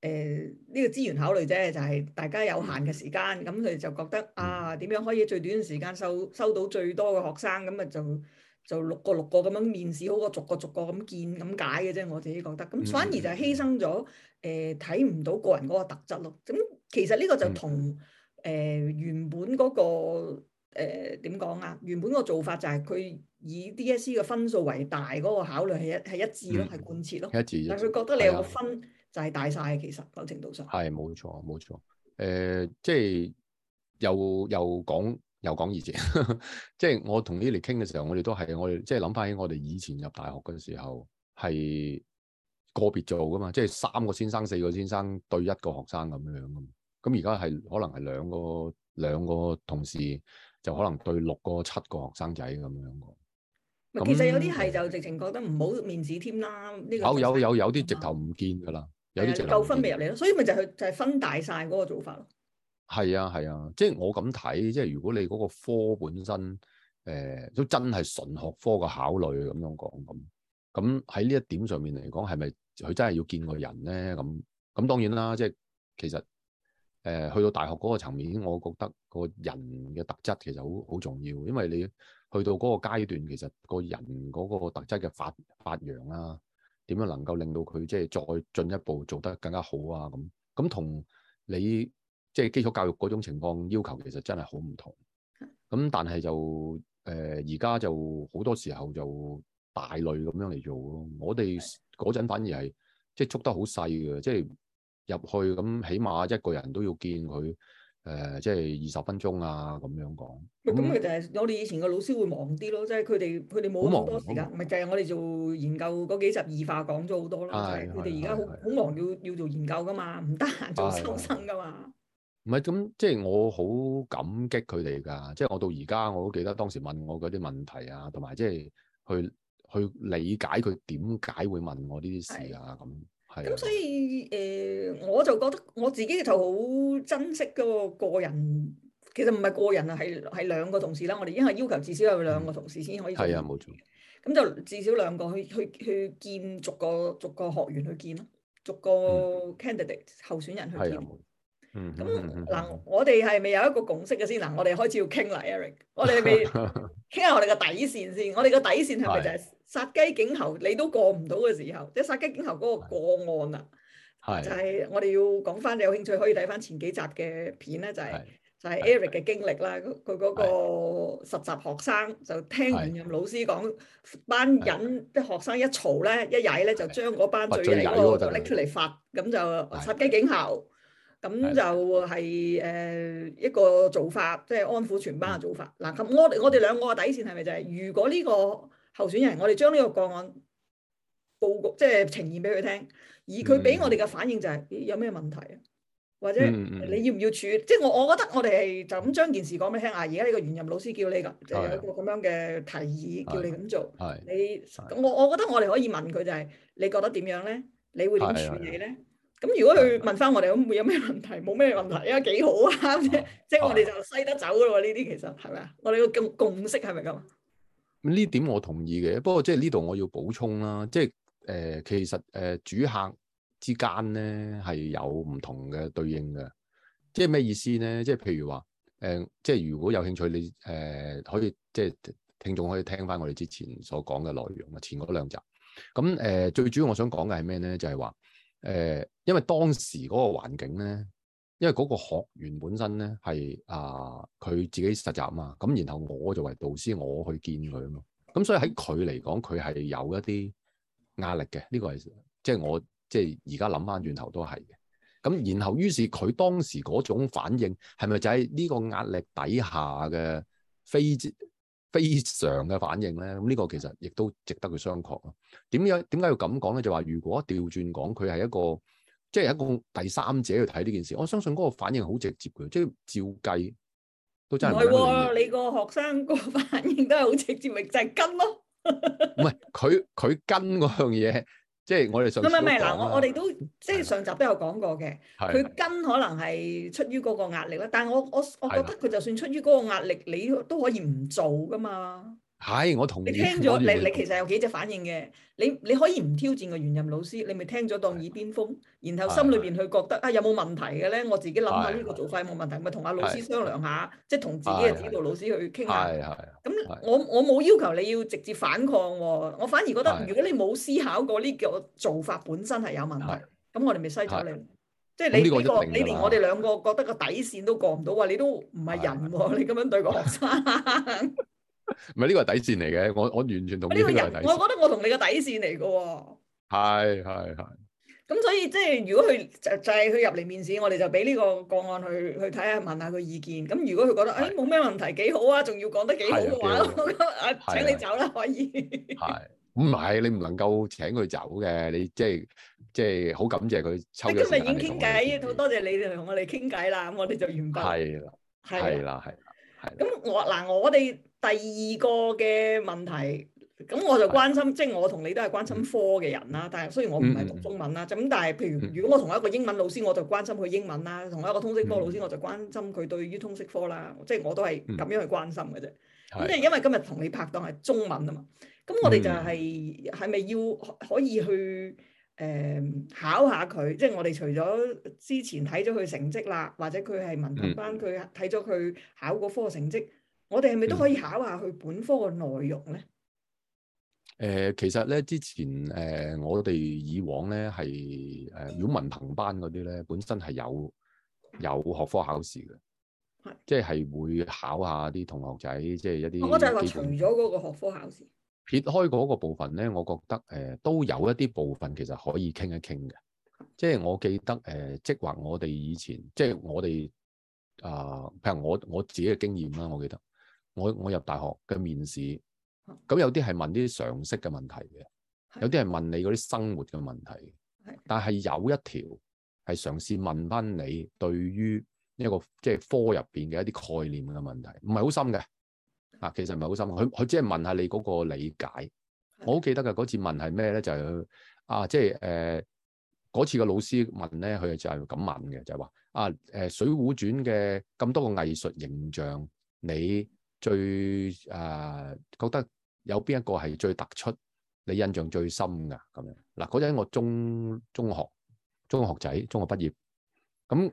呃這個資源考慮啫，就係、是、大家有限嘅時間，咁佢就覺得啊點樣可以最短嘅時間收收到最多嘅學生，咁啊就就六個六個咁樣面試，好過逐個逐個咁見咁解嘅啫。我自己覺得，咁反而就係犧牲咗誒睇唔到個人嗰個特質咯。咁其實呢個就同。嗯誒原本嗰個誒點講啊？原本、那個、呃、原本做法就係佢以 DSE 嘅分數為大嗰、那個考慮，係一係一致咯，係貫徹咯。一致，但係佢覺得你有個分就係大晒嘅，其實某程度上係冇錯冇錯。誒即係又又講又講以前，即係我同 Eli 傾嘅時候，我哋都係我哋即係諗翻起我哋以前入大學嘅時候，係個別做噶嘛，即係三個先生四個先生對一個學生咁樣樣噶。咁而家係可能係兩個兩個同事就可能對六個七個學生仔咁樣個。其實有啲係就直情覺得唔好面子添啦。呢個有有有有啲直頭唔見噶啦，有啲直頭。夠分別入嚟咯，所以咪就係就係分大晒嗰個做法咯。係啊係啊，即係我咁睇，即係如果你嗰個科本身誒、呃、都真係純學科嘅考慮咁樣講咁，咁喺呢一點上面嚟講，係咪佢真係要見個人咧？咁咁當然啦，即係其實。誒、呃，去到大學嗰個層面，我覺得個人嘅特質其實好好重要，因為你去到嗰個階段，其實個人嗰個特質嘅發發揚啦、啊，點樣能夠令到佢即係再進一步做得更加好啊咁，咁同你即係、就是、基礎教育嗰種情況要求，其實真係好唔同。咁但係就誒而家就好多時候就大類咁樣嚟做咯。我哋嗰陣反而係即係捉得好細嘅，即係。入去咁，起碼一個人都要見佢，誒、呃，即係二十分鐘啊咁樣講。咁佢那就係、是、我哋以前個老師會忙啲咯，即係佢哋佢哋冇咁多時間。咪就係、是、我哋做研究嗰幾十二話講咗好多咯。佢哋而家好好忙要，要要做研究噶嘛，唔得閒做收生噶嘛。唔係咁，即係我好感激佢哋㗎。即係我到而家我都記得當時問我嗰啲問題啊，同埋即係去去理解佢點解會問我呢啲事啊咁。的咁所以誒、呃，我就覺得我自己就好珍惜嗰個個人，其實唔係個人啊，係係兩個同事啦。我哋因為要求至少有兩個同事先可以，係啊冇錯。咁就至少兩個去去去見逐個逐個學員去見咯，逐個 candidate 候選人去見。咁嗱、嗯嗯，我哋係咪有一個共識嘅先嗱，我哋開始要傾啦，Eric。我哋未傾下我哋嘅底線先。 我哋嘅底線係咪就係、是？ 殺雞儆猴，你都過唔到嘅時候，即係殺雞儆猴嗰個個案啦。係的就係、是、我哋要講翻，你有興趣可以睇翻前幾集嘅片咧，就係、是、就係、是、Eric 嘅經歷啦。佢嗰的個實習學生的就聽完任老師講的班人，啲係學生一嘈咧，一曳咧就將嗰班最曳個就拎出嚟發，咁的就殺雞儆猴。咁就係誒一個做法，即係安撫全班嘅做法。嗱咁的、嗯、我我哋兩個嘅底線係咪就係、是、如果呢、這個？候選人，我哋將呢個個案佈局，即係呈現俾佢聽，而佢俾我哋嘅反應就係、是嗯：有咩問題啊？或者你要唔要處理？嗯、即係我，我覺得我哋係就咁將件事講俾佢聽啊！而家呢個原任老師叫你嘅，就、啊、有一個咁樣嘅提議，啊、叫你咁做。係、啊、你，啊、我我覺得我哋可以問佢就係、是：你覺得點樣咧？你會點處理咧？咁、啊啊、如果佢問翻我哋，咁會有咩問題？冇咩問題啊，幾好啊！即即係我哋就篩得走嘅咯喎。呢啲其實係咪啊？我哋個共共識係咪咁？是咁呢點我同意嘅，不過即係呢度我要補充啦、啊，即係誒其實誒、呃、主客之間咧係有唔同嘅對應嘅，即係咩意思咧？即係譬如話誒、呃，即係如果有興趣，你誒、呃、可以即係聽眾可以聽返我哋之前所講嘅內容啊，前嗰兩集咁誒、嗯呃，最主要我想講嘅係咩咧？就係話誒，因為當時嗰個環境咧。因為嗰個學員本身咧係啊，佢、呃、自己實習嘛，咁然後我就為導師我去見佢啊嘛，咁所以喺佢嚟講，佢係有一啲壓力嘅，呢、這個係即係我即係而家諗翻轉頭都係嘅。咁然後於是佢當時嗰種反應係咪就係呢個壓力底下嘅非非常嘅反應咧？咁呢個其實亦都值得佢商榷啊。點解？點解要咁講咧？就話、是、如果調轉講，佢係一個。即係一個第三者去睇呢件事，我相信嗰個反應好直接嘅，即係照計都真係唔係喎。你個學生個反應都係好直接，咪就係、是、跟咯、啊。唔係佢佢跟嗰樣嘢，即係我哋上唔係唔係嗱，我我哋都即係上集都有講過嘅。佢的跟可能係出於嗰個壓力啦，但係我我我覺得佢就算出於嗰個壓力，的你都可以唔做噶嘛。係，我同你聽咗，你你其實有幾隻反應嘅。你你可以唔挑戰個原任老師，你咪聽咗當耳邊風，然後心裏邊去覺得啊，有冇問題嘅咧？我自己諗下呢個做法有冇問題，咪同阿老師商量下，即係同自己嘅指導老師去傾下。咁我我冇要求你要直接反抗，我反而覺得如果你冇思考過呢個做法本身係有問題，咁我哋咪篩咗你。即係你呢個，你連我哋兩個覺得個底線都過唔到話，你都唔係人喎，你咁樣對個學生。唔係呢個係底線嚟嘅，我我完全同意呢個人，我覺得我同你嘅底線嚟嘅。係係係，咁所以即係如果佢就就係佢入嚟面試，我哋就俾呢個個案去去睇下，問下佢意見。咁如果佢覺得誒冇咩問題，幾好啊，仲要講得幾好嘅話，我覺得啊，請你走啦，可以。係唔係？你唔能夠請佢走嘅，你即係即係好感謝佢抽咗時間傾偈，好多謝你哋同我哋傾偈啦。咁我哋就完畢。係啦，係啦，係啦，係啦。咁我嗱，我哋。第二個嘅問題，咁我就關心，的即係我同你都係關心科嘅人啦。嗯、但係雖然我唔係讀中文啦，咁、嗯、但係譬如如果我同一個英文老師，我就關心佢英文啦；同一個通識科老師，嗯、我就關心佢對於通識科啦。即係我都係咁樣去關心嘅啫。咁即係因為今日同你拍檔係中文啊嘛，咁我哋就係係咪要可以去誒、呃、考下佢？即係我哋除咗之前睇咗佢成績啦，或者佢係文憑班，佢睇咗佢考嗰科成績。我哋係咪都可以考下佢本科嘅內容咧？誒、呃，其實咧之前誒、呃，我哋以往咧係誒，如果、呃、文憑班嗰啲咧，本身係有有學科考試嘅，係的即係會考下啲同學仔，即係一啲我就係話除咗嗰個學科考試撇開嗰個部分咧，我覺得誒、呃、都有一啲部分其實可以傾一傾嘅，即係我記得誒、呃，即係話我哋以前即係我哋啊、呃，譬如我我自己嘅經驗啦，我記得。我我入大學嘅面試，咁有啲係問啲常識嘅問題嘅，的有啲係問你嗰啲生活嘅問題，的但係有一條係嘗試問翻你對於、這個就是、一個即係科入邊嘅一啲概念嘅問題，唔係好深嘅的啊，其實唔係好深，佢佢即係問下你嗰個理解。的我好記得嘅嗰次問係咩咧？就係、是、啊，即係誒嗰次嘅老師問咧，佢就係咁問嘅，就係、是、話啊誒《水滸傳》嘅咁多個藝術形象，你。最誒、呃、覺得有邊一個係最突出，你印象最深㗎？咁樣嗱，嗰陣我中中學中學仔中學畢業，咁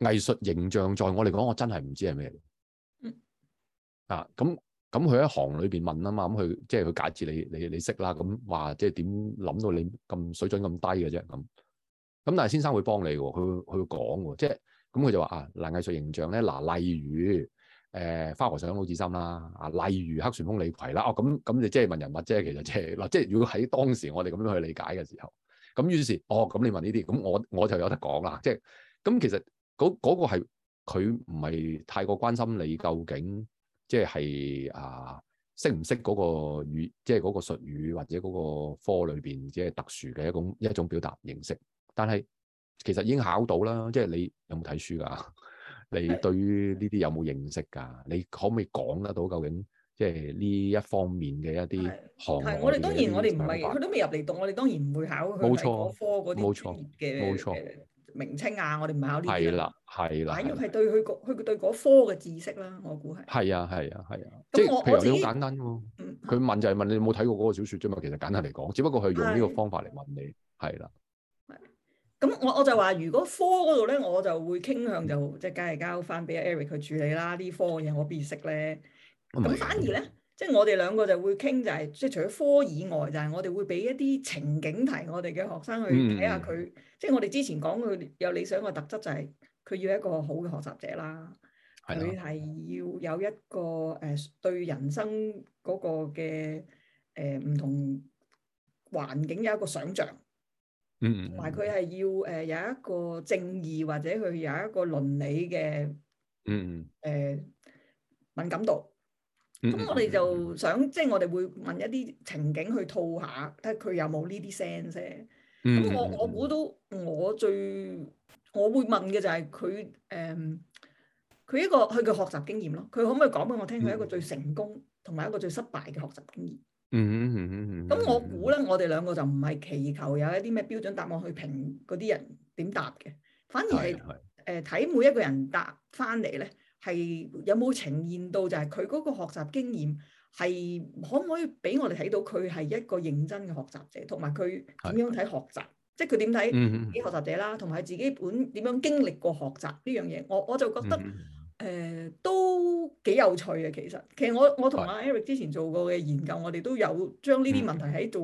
藝術形象在我嚟講，我真係唔知係咩。嗯、啊，咁咁佢喺行裏邊問啊嘛，咁佢即係佢假設你你你識啦，咁話即係點諗到你咁水準咁低嘅啫咁。咁但係先生會幫你喎、啊，佢會佢會講喎，即係咁佢就話啊，嗱藝術形象咧嗱例如。誒花和尚魯智深啦，啊，例如黑旋風李逵啦，哦，咁咁你即係問人物即係。其實即係嗱，即係如果喺當時我哋咁樣去理解嘅時候，咁於是哦，咁你問呢啲，咁我我就有得講啦。即係咁，其實嗰嗰個係佢唔係太過關心你究竟即係係啊識唔識嗰個語，即係嗰個術語或者嗰個科裏邊即係特殊嘅一種一種表達形式。但係其實已經考到啦，即係你有冇睇書㗎？你對於呢啲有冇認識㗎、啊？你可唔可以講得到究竟？即係呢一方面嘅一啲行業？的我哋當然我，我哋唔係佢都未入嚟讀，我哋當然唔會考佢嗰科嗰啲嘅名稱啊！錯我哋唔考呢啲係啦，係啦。反正係對佢個佢對嗰科嘅知識啦、啊，我估係係啊，係啊，係啊。即係譬如你好簡單喎，佢、嗯、問就係問你，你有冇睇過嗰個小説啫嘛。其實簡單嚟講，只不過係用呢個方法嚟問你係啦。的咁我我就話，如果科嗰度咧，我就會傾向就即係，梗係交翻俾 Eric 去處理啦。呢科嘅嘢我必識咧，咁 反而咧，即係我哋兩個就會傾就係、是，即係除咗科以外，就係我哋會俾一啲情景題我哋嘅學生去睇下佢。嗯、即係我哋之前講佢有理想嘅特質，就係佢要一個好嘅學習者啦。佢係的要有一個誒、呃、對人生嗰個嘅誒唔同環境有一個想像。嗯，同埋佢係要誒有一個正義或者佢有一個倫理嘅，嗯，誒、呃、敏感度。咁、嗯、我哋就想，即、就、係、是、我哋會問一啲情景去套下，睇下佢有冇呢啲聲聲。咁、嗯、我我估到我最我會問嘅就係佢，誒、呃，佢一個佢嘅學習經驗咯。佢可唔可以講俾我聽佢一個最成功同埋一個最失敗嘅學習經驗？嗯嗯嗯嗯，咁我估咧，我哋兩個就唔係祈求有一啲咩標準答案去評嗰啲人點答嘅，反而係誒睇每一個人答翻嚟咧，係有冇呈現到就係佢嗰個學習經驗係可唔可以俾我哋睇到佢係一個認真嘅學習者，同埋佢點樣睇學習，是即係佢點睇啲學習者啦，同埋、嗯、哼自己本點樣經歷過學習呢樣嘢，我我，我就覺得、嗯。誒、呃、都幾有趣嘅，其實其實我我同阿 Eric 之前做過嘅研究，的我哋都有將呢啲問題喺做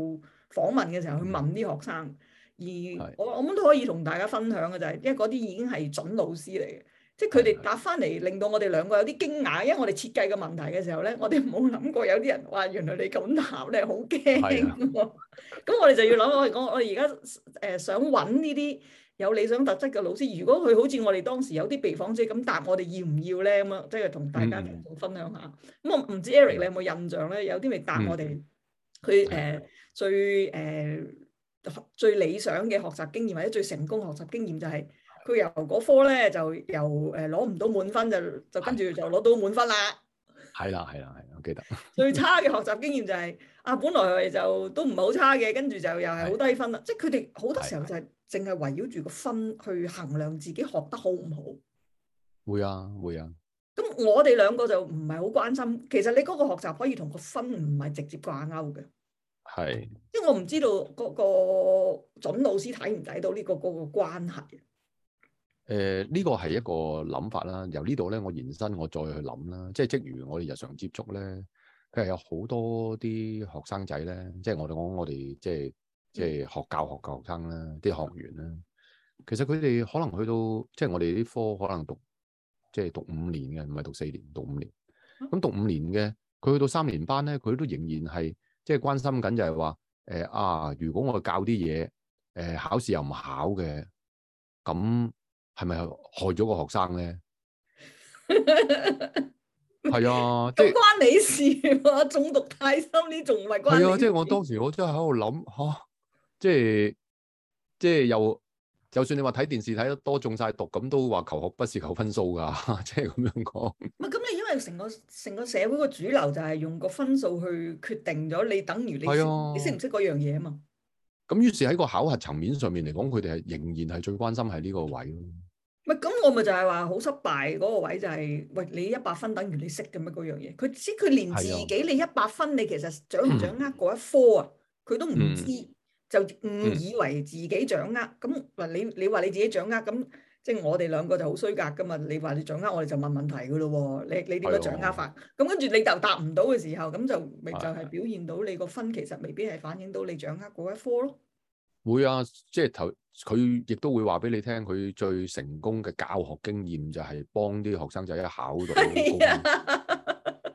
訪問嘅時候的去問啲學生，而我我都可以同大家分享嘅就係、是，因為嗰啲已經係準老師嚟嘅，即係佢哋答翻嚟，的令到我哋兩個有啲驚訝，因為我哋設計嘅問題嘅時候咧，我哋冇諗過有啲人話原來你咁答，你好驚，咁我哋就要諗我我我而家誒想揾呢啲。有理想特質嘅老師，如果佢好似我哋當時有啲被訪者咁答我哋要唔要咧咁樣，即係同大家分享下。咁、嗯嗯、我唔知 Eric 你有冇印象咧？嗯、有啲咪答我哋，佢誒、嗯呃、最誒、呃、最理想嘅學習經驗或者最成功學習經驗就係、是、佢由嗰科咧就由誒攞唔到滿分就就跟住就攞到滿分啦。係啦係啦係，我記得。 最差嘅學習經驗就係、是。啊，本來就都唔係好差嘅，跟住就又係好低分啦。的即係佢哋好多時候就係淨係圍繞住個分去衡量自己學得好唔好。會啊，會啊。咁我哋兩個就唔係好關心。其實你嗰個學習可以同個分唔係直接掛鈎嘅。係的。即係我唔知道嗰個準老師睇唔睇到呢個嗰個關係。誒，呢個係一個諗法啦。由呢度咧，我延伸我再去諗啦。即係，即如我哋日常接觸咧。佢係有好多啲學生仔咧，即係我哋講我哋即係即係學教學嘅學生啦，啲學員啦。其實佢哋可能去到即係我哋啲科可能讀即係讀五年嘅，唔係讀四年，讀五年。咁讀五年嘅，佢去到三年班咧，佢都仍然係即係關心緊就係話，誒啊！如果我教啲嘢，誒考試又唔考嘅，咁係咪害咗個學生咧？ 係啊，咁、就是、關你事嘛？中毒太深呢，仲唔係關你事？係啊，即、就、係、係、我當時我真係喺度諗吓，即係即係又，就算你話睇電視睇得多中晒毒，咁都話求學不是求分數噶，即係咁樣講。唔係咁，你因為成個成個社會個主流就係用個分數去決定咗你，等於你、係啊、你識唔識嗰樣嘢啊嘛？咁於是喺個考核層面上面嚟講，佢哋係仍然係最關心係呢個位咯。咪咁我咪就係話好失敗嗰、嗰個位就係、是、喂你一百分等於你識嘅樣嗰樣嘢，佢知佢連自己的你一百分你其實掌握唔掌握嗰一科啊，佢都唔知的就誤以為自己掌握。咁嗱、嗯、你你話你自己掌握，咁即係我哋兩個就好衰格㗎嘛。你話你掌握，我哋就問問題噶咯喎，你你點樣掌握法？咁跟住你就答唔到嘅時候，咁就咪就係表現到你個分其實未必係反映到你掌握嗰一科咯。會啊，即係頭佢亦都會話俾你聽，佢最成功嘅教學經驗就係幫啲學生仔考到好高。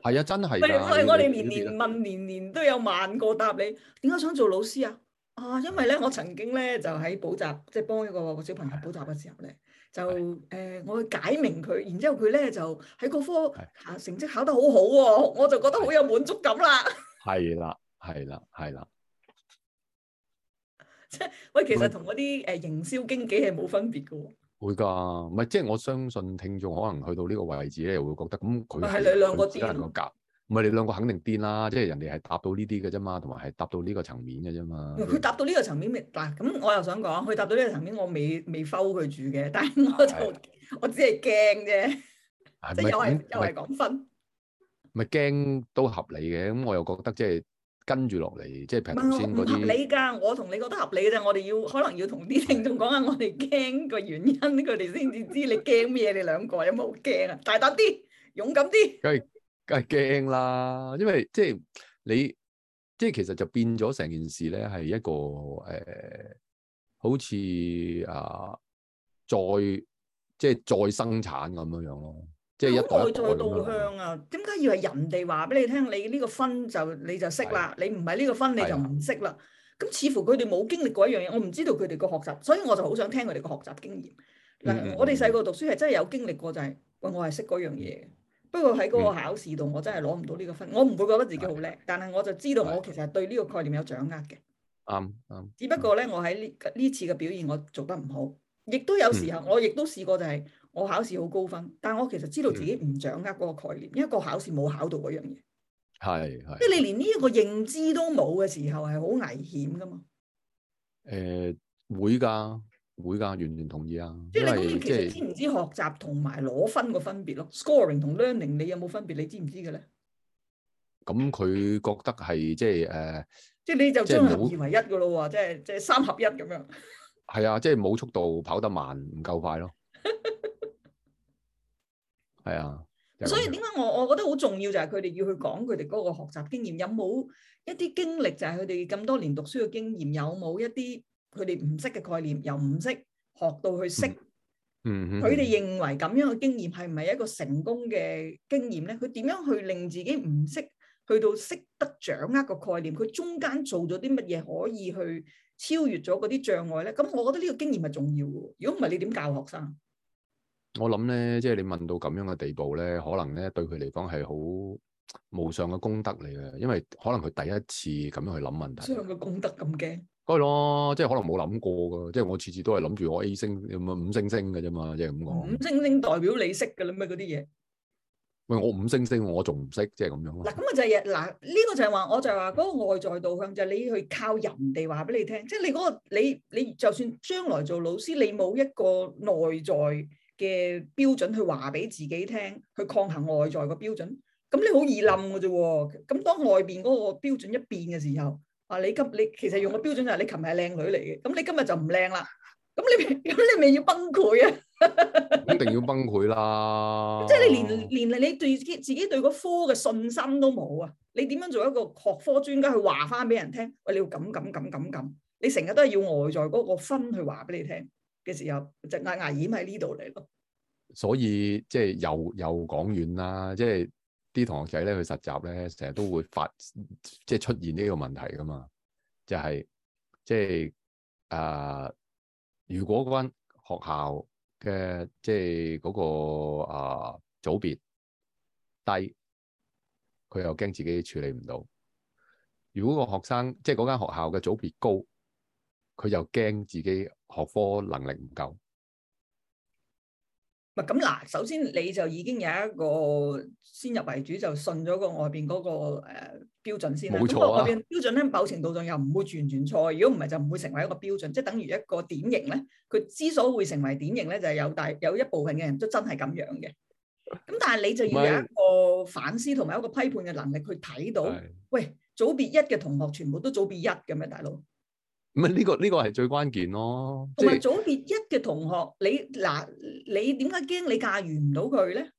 係 啊，真係。所以我係我哋年年問，年年都有萬個答你。點解想做老師啊？啊，因為咧，我曾經咧就喺補習，即係幫一個小朋友補習嘅時候咧，的就誒的、呃、我去解明佢，然之後佢咧就喺嗰科成績考得好好，啊，喎，的我就覺得好有滿足感啦。係啦，係啦，係啦。即係喂，其實同嗰啲誒營銷經紀係冇分別㗎喎。會噶，唔係即係我相信聽眾可能去到呢個位置咧，又會覺得咁佢係你兩個癲個夾，唔係你兩個肯定癲啦，即係人哋係達到呢啲嘅啫嘛，同埋係達到呢個層面嘅啫嘛。佢達到呢個層面未？嗱，咁我又想講，佢達到呢個層面，我未未收佢住嘅，但係我就我只係驚啫，即係又係又係講分。咪驚都合理嘅，咁我又覺得即係。跟住落嚟，即係平頭先嗰啲。唔合理噶，我同你覺得合理嘅啫。我哋要可能要同啲聽眾講下，我哋驚嘅原因，佢哋先至知你驚咩嘢。你兩個有冇驚啊？大膽啲，勇敢啲。梗係梗係驚啦，因為即係你即係其實就變咗成件事咧，係一個誒、呃，好似啊再即係再生產咁樣樣咯。好外在導向啊？點解要係人哋話俾你聽？你呢個分就你就識啦。你唔係呢個分你就唔識啦。咁似乎佢哋冇經歷過一樣嘢，我唔知道佢哋個學習，所以我就好想聽佢哋個學習經驗。嗱，我哋細個讀書係真係有經歷過，就係喂，我係識嗰樣嘢。不過喺嗰個考試度，我真係攞唔到呢個分。我唔會覺得自己好叻，但係我就知道我其實對呢個概念有掌握嘅。啱啱。只不過咧，我喺呢呢次嘅表現，我做得唔好。亦都有時候，我亦都試過就係。我考試好高分，但係我其實知道自己唔掌握嗰個概念，因為個考試冇考到嗰樣嘢。係係，即係你連呢一個認知都冇嘅時候係好危險噶嘛。誒會㗎，會㗎，完全同意啊！即係你其實知唔知學習同埋攞分個分別咯？Scoring 同 Learning 你有冇分別？你知唔知嘅咧？咁佢覺得係即係誒，即係你就將合二為一㗎咯喎！即係即係三合一咁樣。係啊，即係冇速度跑得慢，唔夠快咯。 係啊，yeah, 所以點解我我覺得好重要就係佢哋要去講佢哋嗰個學習經驗，有冇一啲經歷就係佢哋咁多年讀書嘅經驗，有冇一啲佢哋唔識嘅概念又唔識學到去識，嗯，佢哋認為咁樣嘅經驗係唔係一個成功嘅經驗咧？佢點樣去令自己唔識去到識得掌握個概念？佢中間做咗啲乜嘢可以去超越咗嗰啲障礙咧？咁我覺得呢個經驗係重要嘅，如果唔係你點教學生？我諗咧，即係你問到咁樣嘅地步咧，可能咧對佢嚟講係好無上嘅功德嚟嘅，因為可能佢第一次咁樣去諗問題。個功德咁驚，係咯，即係可能冇諗過噶，即係我次次都係諗住我 A 星，咁啊五星星嘅啫嘛，即係咁講。五星星代表你識噶啦，咩嗰啲嘢。喂，我五星星，我仲唔識，即係咁樣咯。嗱，咁啊就係嗱，呢個就係話，我就係話嗰個外在導向就係你去靠人哋話俾你聽，即係你嗰個你你就算將來做老師，你冇一個內在。嘅標準去話俾自己聽，去抗衡外在個標準，咁你好易冧㗎啫。咁當外邊嗰個標準一變嘅時候，啊，你今你其實用嘅標準就係你琴日係靚女嚟嘅，咁你今日就唔靚啦。咁你咁你咪要崩潰啊？ 一定要崩潰啦！ 即係你連連你對自己對個科嘅信心都冇啊！你點樣做一個學科專家去話翻俾人聽？喂，你要咁咁咁咁咁，你成日都係要外在嗰個分去話俾你聽。嘅時候就挨挨掩喺呢度嚟咯，所以即係又又講遠啦，即係啲同學仔咧去實習咧，成日都會發即係、就是、出現呢個問題噶嘛，就係即係啊，如果嗰間學校嘅即係嗰個啊、呃、組別低，佢又驚自己處理唔到；如果個學生即係嗰間學校嘅組別高，佢又驚自己，學科能力唔夠，咁嗱。首先你就已經有一個先入為主，就信咗個外邊嗰個誒標準先啦。冇錯啊！外邊標準咧，某程度上又唔會完全錯。如果唔係，就唔會成為一個標準，即係等於一個典型咧。佢之所以會成為典型咧，就係有大有一部分嘅人都真係咁樣嘅。咁但係你就要有一個反思同埋一個批判嘅能力去，去睇到喂，組別一嘅同學全部都組別一嘅咩，大佬？唔係呢個呢、呢個係最關鍵咯，同埋是組別一嘅同學，你嗱你點解驚你駕馭唔到佢咧？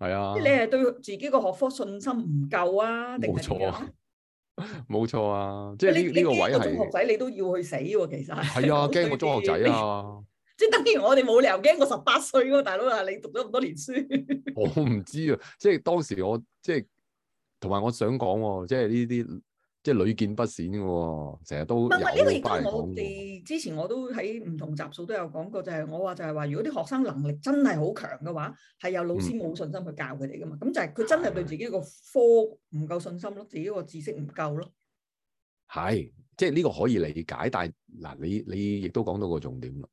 係啊，即你係對自己個學科信心唔夠啊？冇錯，冇錯啊！即係呢呢個位係中學仔，你都要去死喎，啊！其實係啊，驚個中學仔啊！即係等於我哋冇理由驚個十八歲個大佬啊！你讀咗咁多年書， 我唔知啊！即係當時我即係同埋我想講，即係呢啲。即係屢見不鮮嘅、哦，成日都唔係呢個亦都我哋之前我都喺唔同集數都有講過，就係、是、我話就係話，如果啲學生能力真係好強嘅話，係有老師冇信心去教佢哋噶嘛？咁、嗯、就係佢真係對自己個科唔夠信心咯，嗯、自己個知識唔夠咯。係，即係呢個可以理解，但係嗱，你你亦都講到個重點咯。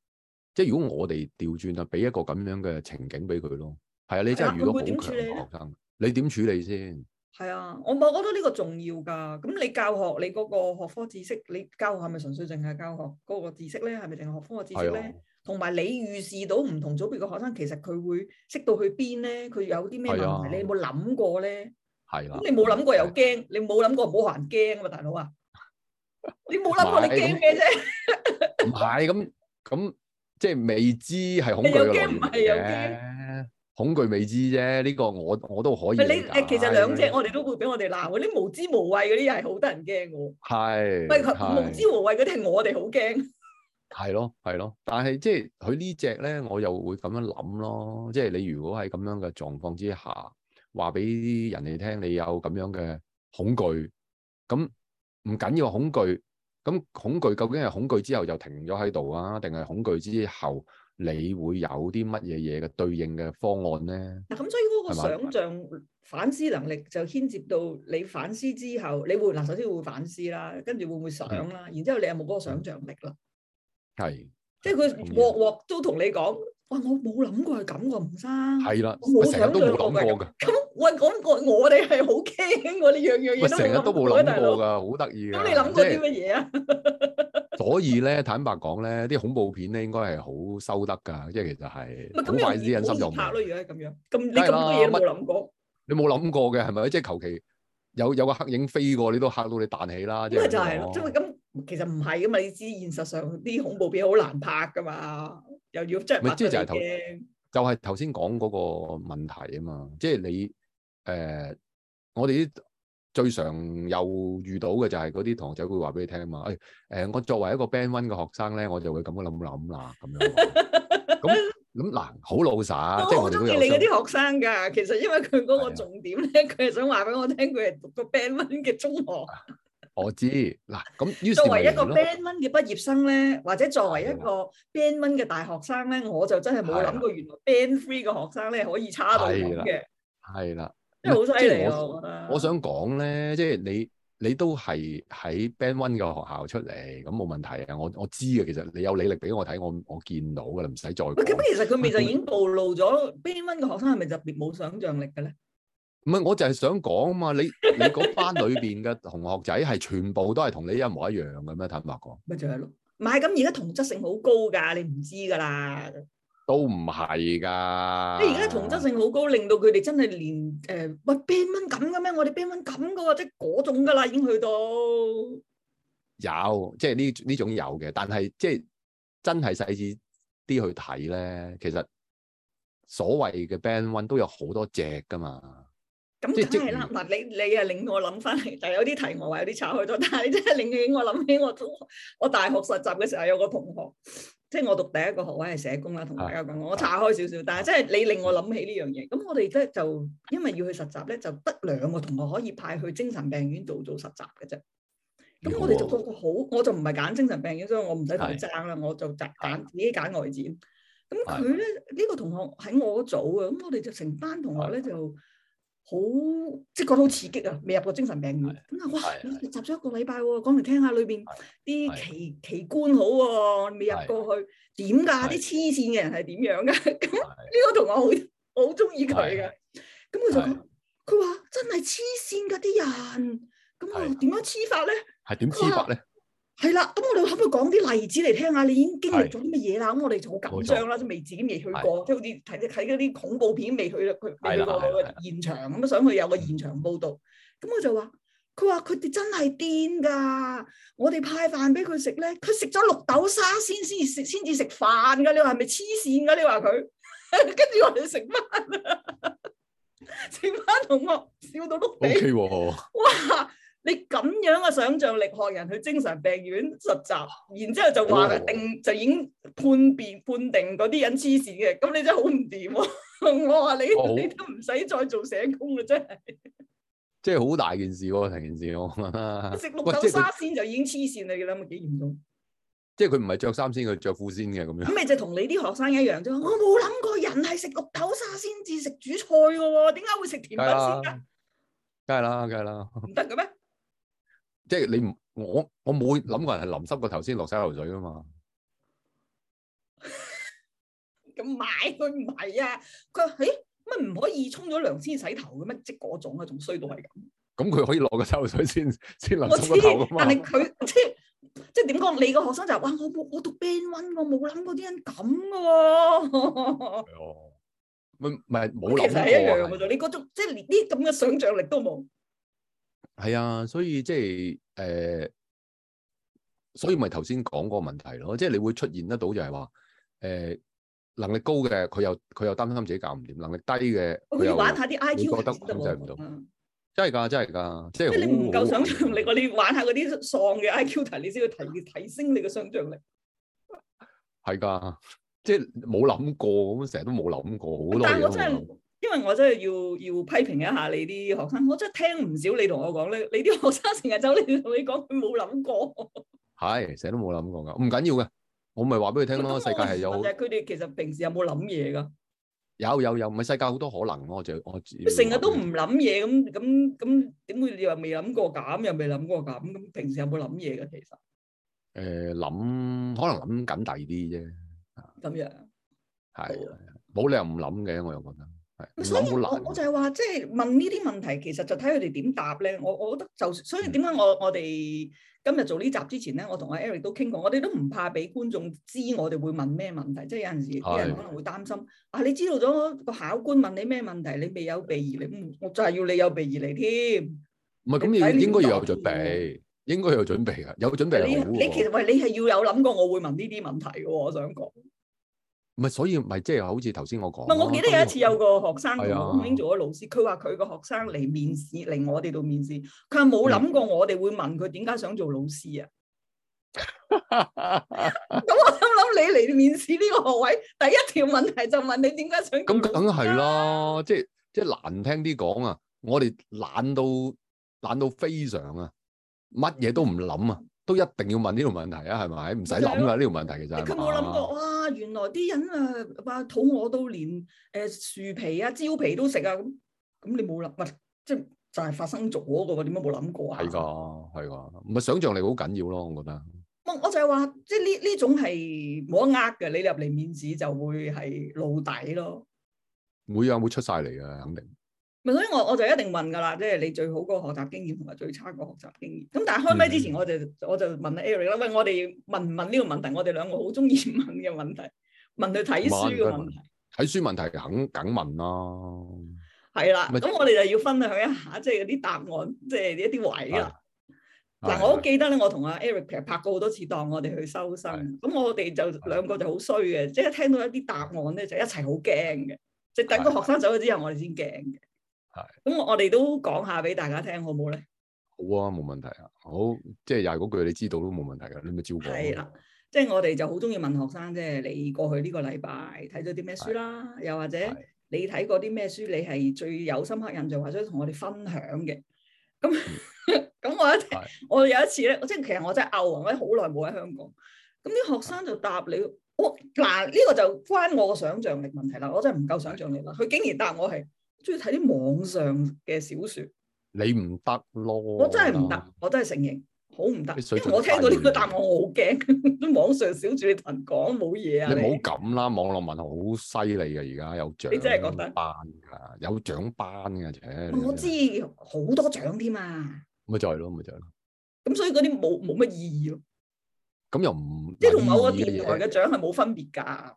即、就、係、是、如果我哋調轉啊，俾一個咁樣嘅情景俾佢咯。係啊，你真係遇到好強嘅學生，你點處理先？係啊，我咪覺得呢個重要噶。咁你教學你嗰個學科知識，你教學係咪純粹淨係教學嗰、嗰個知識咧？係咪淨係學科嘅知識咧？同埋、啊、你預示到唔同組別嘅學生，其實佢會識到去邊咧？佢有啲咩問題？啊、你有冇諗過咧？係。咁你冇諗過又驚？你冇諗過唔好學人驚啊！嘛，大佬啊，你冇諗過你驚咩啫？唔係咁咁，即係 未知係恐唔懼嚟嘅。 恐懼未知啫，呢個我我都可以。你誒，其實兩隻我哋都會俾我哋鬧嗰啲無知無畏嗰啲，係好得人驚嘅。係，唔係無知無畏嗰啲，係我哋好驚。係咯，係咯，但係即係佢呢隻咧，我又會咁樣諗咯。即係你如果喺咁樣嘅狀況之下，話俾啲人哋聽你有咁樣嘅恐懼，咁唔緊要恐懼。咁恐懼究竟係恐懼之後就停咗喺度啊，定係恐懼之後？你會有啲乜嘢嘢嘅對應嘅方案咧？嗱，咁所以嗰個想象反思能力就牽接到你反思之後，你會嗱，首先會反思啦，跟住會唔會想啦？然之後你有冇嗰個想象力咯？係，即係佢鑊鑊都同你講，哇！我冇諗過係咁噶，吳生係啦，我成日都冇諗過噶。咁我講過，我哋係好驚喎呢樣樣嘢，成日都冇諗過噶，好得意嘅。咁你諗過啲乜嘢啊？可以咧，坦白講咧，啲恐怖片咧應該係好收得㗎，即係其實係怪事忍心拍咯，如果咁樣。咁了你咁多嘢冇諗過？你冇諗過嘅係咪？即係求其有有個黑影飛過，你都嚇到你彈起啦。咁咪就係、是、咯，因為咁其實唔係㗎嘛，你知現實上啲恐怖片好難拍㗎嘛，又要即係拍嘅嘢。就係頭先講嗰個問題啊嘛，即係你誒、呃，我哋最常又遇到嘅就係嗰啲同學仔會話俾你聽嘛，誒、哎、誒，我作為一個 Band One 嘅學生咧，我就會咁樣諗諗啦，咁樣。咁咁嗱，好老實，即係我中意你嗰啲學生㗎。其實因為佢嗰個重點咧，佢係、啊、想話俾我聽，佢係讀個 Band One 嘅中學。我知嗱，咁 作為一個 Band One 嘅畢業生咧，或者作為一個 Band One 嘅大學生咧，我就真係冇諗過原來 Band Three 嘅學生咧可以差到咁嘅。係啦、啊。即係我，我，我想講咧，即係你，你都係喺 Band One 嘅學校出嚟，咁冇問題啊！我我知嘅，其實你有履歷俾我睇，我我見到噶啦，唔使再。咁其實佢未就已經暴露咗 Band One 嘅學生係咪特別冇想像力嘅咧？唔係，我就係想講啊嘛！你你嗰班裏邊嘅同學仔係全部都係同你一模一樣嘅咩？坦白講。咪就係咯，唔係咁而家同質性好高㗎，你唔知㗎啦。都唔係噶，你而家同質性好高，令到佢哋真係連誒、呃、喂 band one 咁嘅咩？我哋 band one 咁嘅喎，即係嗰種噶啦，已經去到有，即係呢呢種有嘅。但係即係真係細緻啲去睇咧，其實所謂嘅 band one 都有好多隻噶嘛。咁梗係啦，嗱是你你啊令我諗翻嚟，就係、有啲題外話有啲炒去咗，但係你真係令我諗起我都我大學實習嘅時候有個同學。即係我讀第一個學位係社工啦，同大家講，我岔開少少，但係即係你令我諗起呢樣嘢。咁我哋咧就因為要去實習咧，就得兩個同學可以派去精神病院做做實習嘅啫。咁我哋就覺得好，我就唔係揀精神病院，所以我唔使同佢爭啦。是我就揀自己揀外展。咁佢咧，呢個同學喺我組啊，咁我哋就成班同學咧就。好，即係覺得好刺激啊！未入過精神病院咁啊的，哇！你實習咗一個禮拜喎，講嚟聽下裏邊啲的奇奇觀好喎，哦，未入過去點噶？啲黐線嘅人係點樣噶？咁呢的，這個同學好我好中意佢嘅，咁佢的就講，佢話的真係黐線噶啲人，咁點樣黐法咧？係點黐法咧？係啦，咁、 嗯、我哋可唔可以講啲例子嚟聽下？你已經經歷咗啲乜嘢啦？咁的我哋就好緊張啦，都未錯自己未去過，即的好似睇睇嗰啲恐怖片未去啦，佢未去過現場咁啊，想去有個現場報導。咁、嗯的嗯、我就話：佢話佢哋真係癲㗎，我哋派飯俾佢食咧，佢食咗綠豆沙先先食先至食飯㗎。你話係咪黐線㗎？你話佢 跟住我哋食乜？成班同學笑到碌地。 哇！你咁樣嘅想像力學人去精神病院實習，然之後就話定就已經判別判定嗰啲人黐線嘅，咁你真係好唔掂喎！我話你你都唔使再做社工啦，真係，即係好大件事喎！成件事食綠豆沙先就已經黐線你啦，咪幾嚴重？即係佢唔係着衫先，佢着褲先嘅咁樣。咁咪就同你啲學生一樣啫。我冇諗過人係食綠豆沙先至食主菜嘅喎，點解會食甜品先㗎？梗係啦，梗係啦，唔得嘅咩？即係你唔我我冇諗過人係淋濕個頭先落洗頭水噶嘛？咁買佢唔係啊！佢話：咦，乜唔可以沖咗涼先洗頭嘅咩？即嗰種啊，仲衰到係咁。咁佢可以落個洗頭水先先淋濕個頭噶嘛？但係佢即即點講？你個學生就話哇我我讀 Band One，我冇諗過啲人咁噶喎。哦，咪咪冇諗過。其實係一樣嘅啫，你嗰種即係連啲咁嘅想象力都冇。係啊，所以即係誒，所以咪頭先講個問題咯，即係你會出現得到就係話誒，能力高嘅佢又佢又擔心自己搞唔掂，能力低嘅又、哦、玩下啲 I Q，又 I Q 覺得控制唔到，真係噶真係噶，即係你唔夠想象力，嗯、你玩下嗰啲喪嘅 I Q 題，你先要提提升你嘅想象力，係噶，即係冇諗過咁，成日都冇諗過好多嘢都冇因為我真係要要批評一下你啲學生，我真係聽唔少你同我講咧，你啲學生成日走嚟同你講，佢冇諗過。係，成日都冇諗過噶，唔緊要嘅，我咪話俾你聽咯。世界係有。佢哋其實平時有冇諗嘢噶？有有有，唔係世界好多可能咯。我淨我。成日都唔諗嘢，咁咁咁，點會你又未諗過咁，又未諗過咁？咁平時有冇諗嘢噶？其實。誒，諗可能諗緊第二啲啫。咁樣。係，冇理由唔諗嘅，我又覺得。所以我我就係話，即係問呢啲問題，其實就睇佢哋點答咧。我我覺得就所以點解我我哋今日做呢集之前咧，我同阿 Eric 都傾過，我哋都唔怕俾觀眾知我哋會問咩問題。即係有陣時，啲人可能會擔心的啊，你知道咗個考官問你咩問題，你未有備而嚟。我就係要你有備而嚟添。唔係咁，你應該要有準備，應該有準備噶、嗯，有準備係好。你，你其實喂，你係要有諗過我會問呢啲問題噶，我想講。唔係，所以唔係，即係好似頭先我講。唔係，我記得有一次有一個學生已經學、啊、做咗老師，佢話佢個學生嚟面試嚟我哋度面試，佢係冇諗過我哋會問佢點解想做老師啊？咁 我心諗你嚟面試呢個學位，第一條問題就問你點解想做老師，啊？咁梗係啦，即係即係難聽啲講啊！我哋懶到懶到非常啊，乜嘢都唔諗啊！都一定要問呢條問題啊，係咪？唔使諗啦，呢條的問題其實。你佢有冇諗過？哇，啊、原來啲人啊話肚餓都連誒樹、呃、皮啊、蕉皮、啊、皮都食啊，咁咁你冇諗？唔係即係就係、是、發生咗個喎，點解冇諗過啊？係㗎，係㗎，唔係想像力好緊要咯，我覺得。我就係話，即係呢呢種係冇得呃嘅，你入嚟面子就會係露底咯。會啊，會出晒嚟呀，肯定。所以我，我我就一定問㗎啦，即係你最好個學習經驗同埋最差個學習經驗。咁但係開咪之前，我就、嗯、我就問 Eric 啦。喂，我哋問唔問呢個問題？我哋兩個好中意問嘅問題，問佢睇書嘅問題。睇書問題肯梗問啦。係啦是，咁我哋就要分享一下，即係嗰啲答案，即係一啲位啦。嗱，我記得咧，我同阿 Eric 其實拍過好多次檔，當我哋去收生。咁的我哋就的兩個就好衰嘅，即係聽到一啲答案咧，就一齊好驚嘅。就等個學生走咗之後我，我哋先驚嘅。係，咁我哋都講下俾大家聽，好唔好咧？好啊，冇問題啊。好，即係又係嗰句，你知道都冇問題噶。你咪照講。係啦，即係我哋就好中意問學生，即啫。你過去呢個禮拜睇咗啲咩書啦？的又或者你睇過啲咩書？你係最有深刻印象，或者同我哋分享嘅？咁咁、嗯、 我一的我有一次咧，我即係其實我真係 out 啊！我好耐冇喺香港。咁啲學生就答你，我嗱呢個就關我個想象力問題啦。我真係唔夠想象力啦。佢的竟然答我係。中意睇啲網上嘅小説，你唔得咯！我真係唔得，啊、我真係承認，好唔得。因為我聽到呢個答案我，我好驚。網上小説你同人講冇嘢啊你！你唔好咁啦，網絡文學好犀利嘅，而家有獎你真係覺得班㗎，有獎班㗎啫。我知好多獎添啊！咪就係咯，咪就係、是、咯。咁所以嗰啲冇冇乜意義咯？咁又唔即係同某個電台嘅獎係冇分別㗎。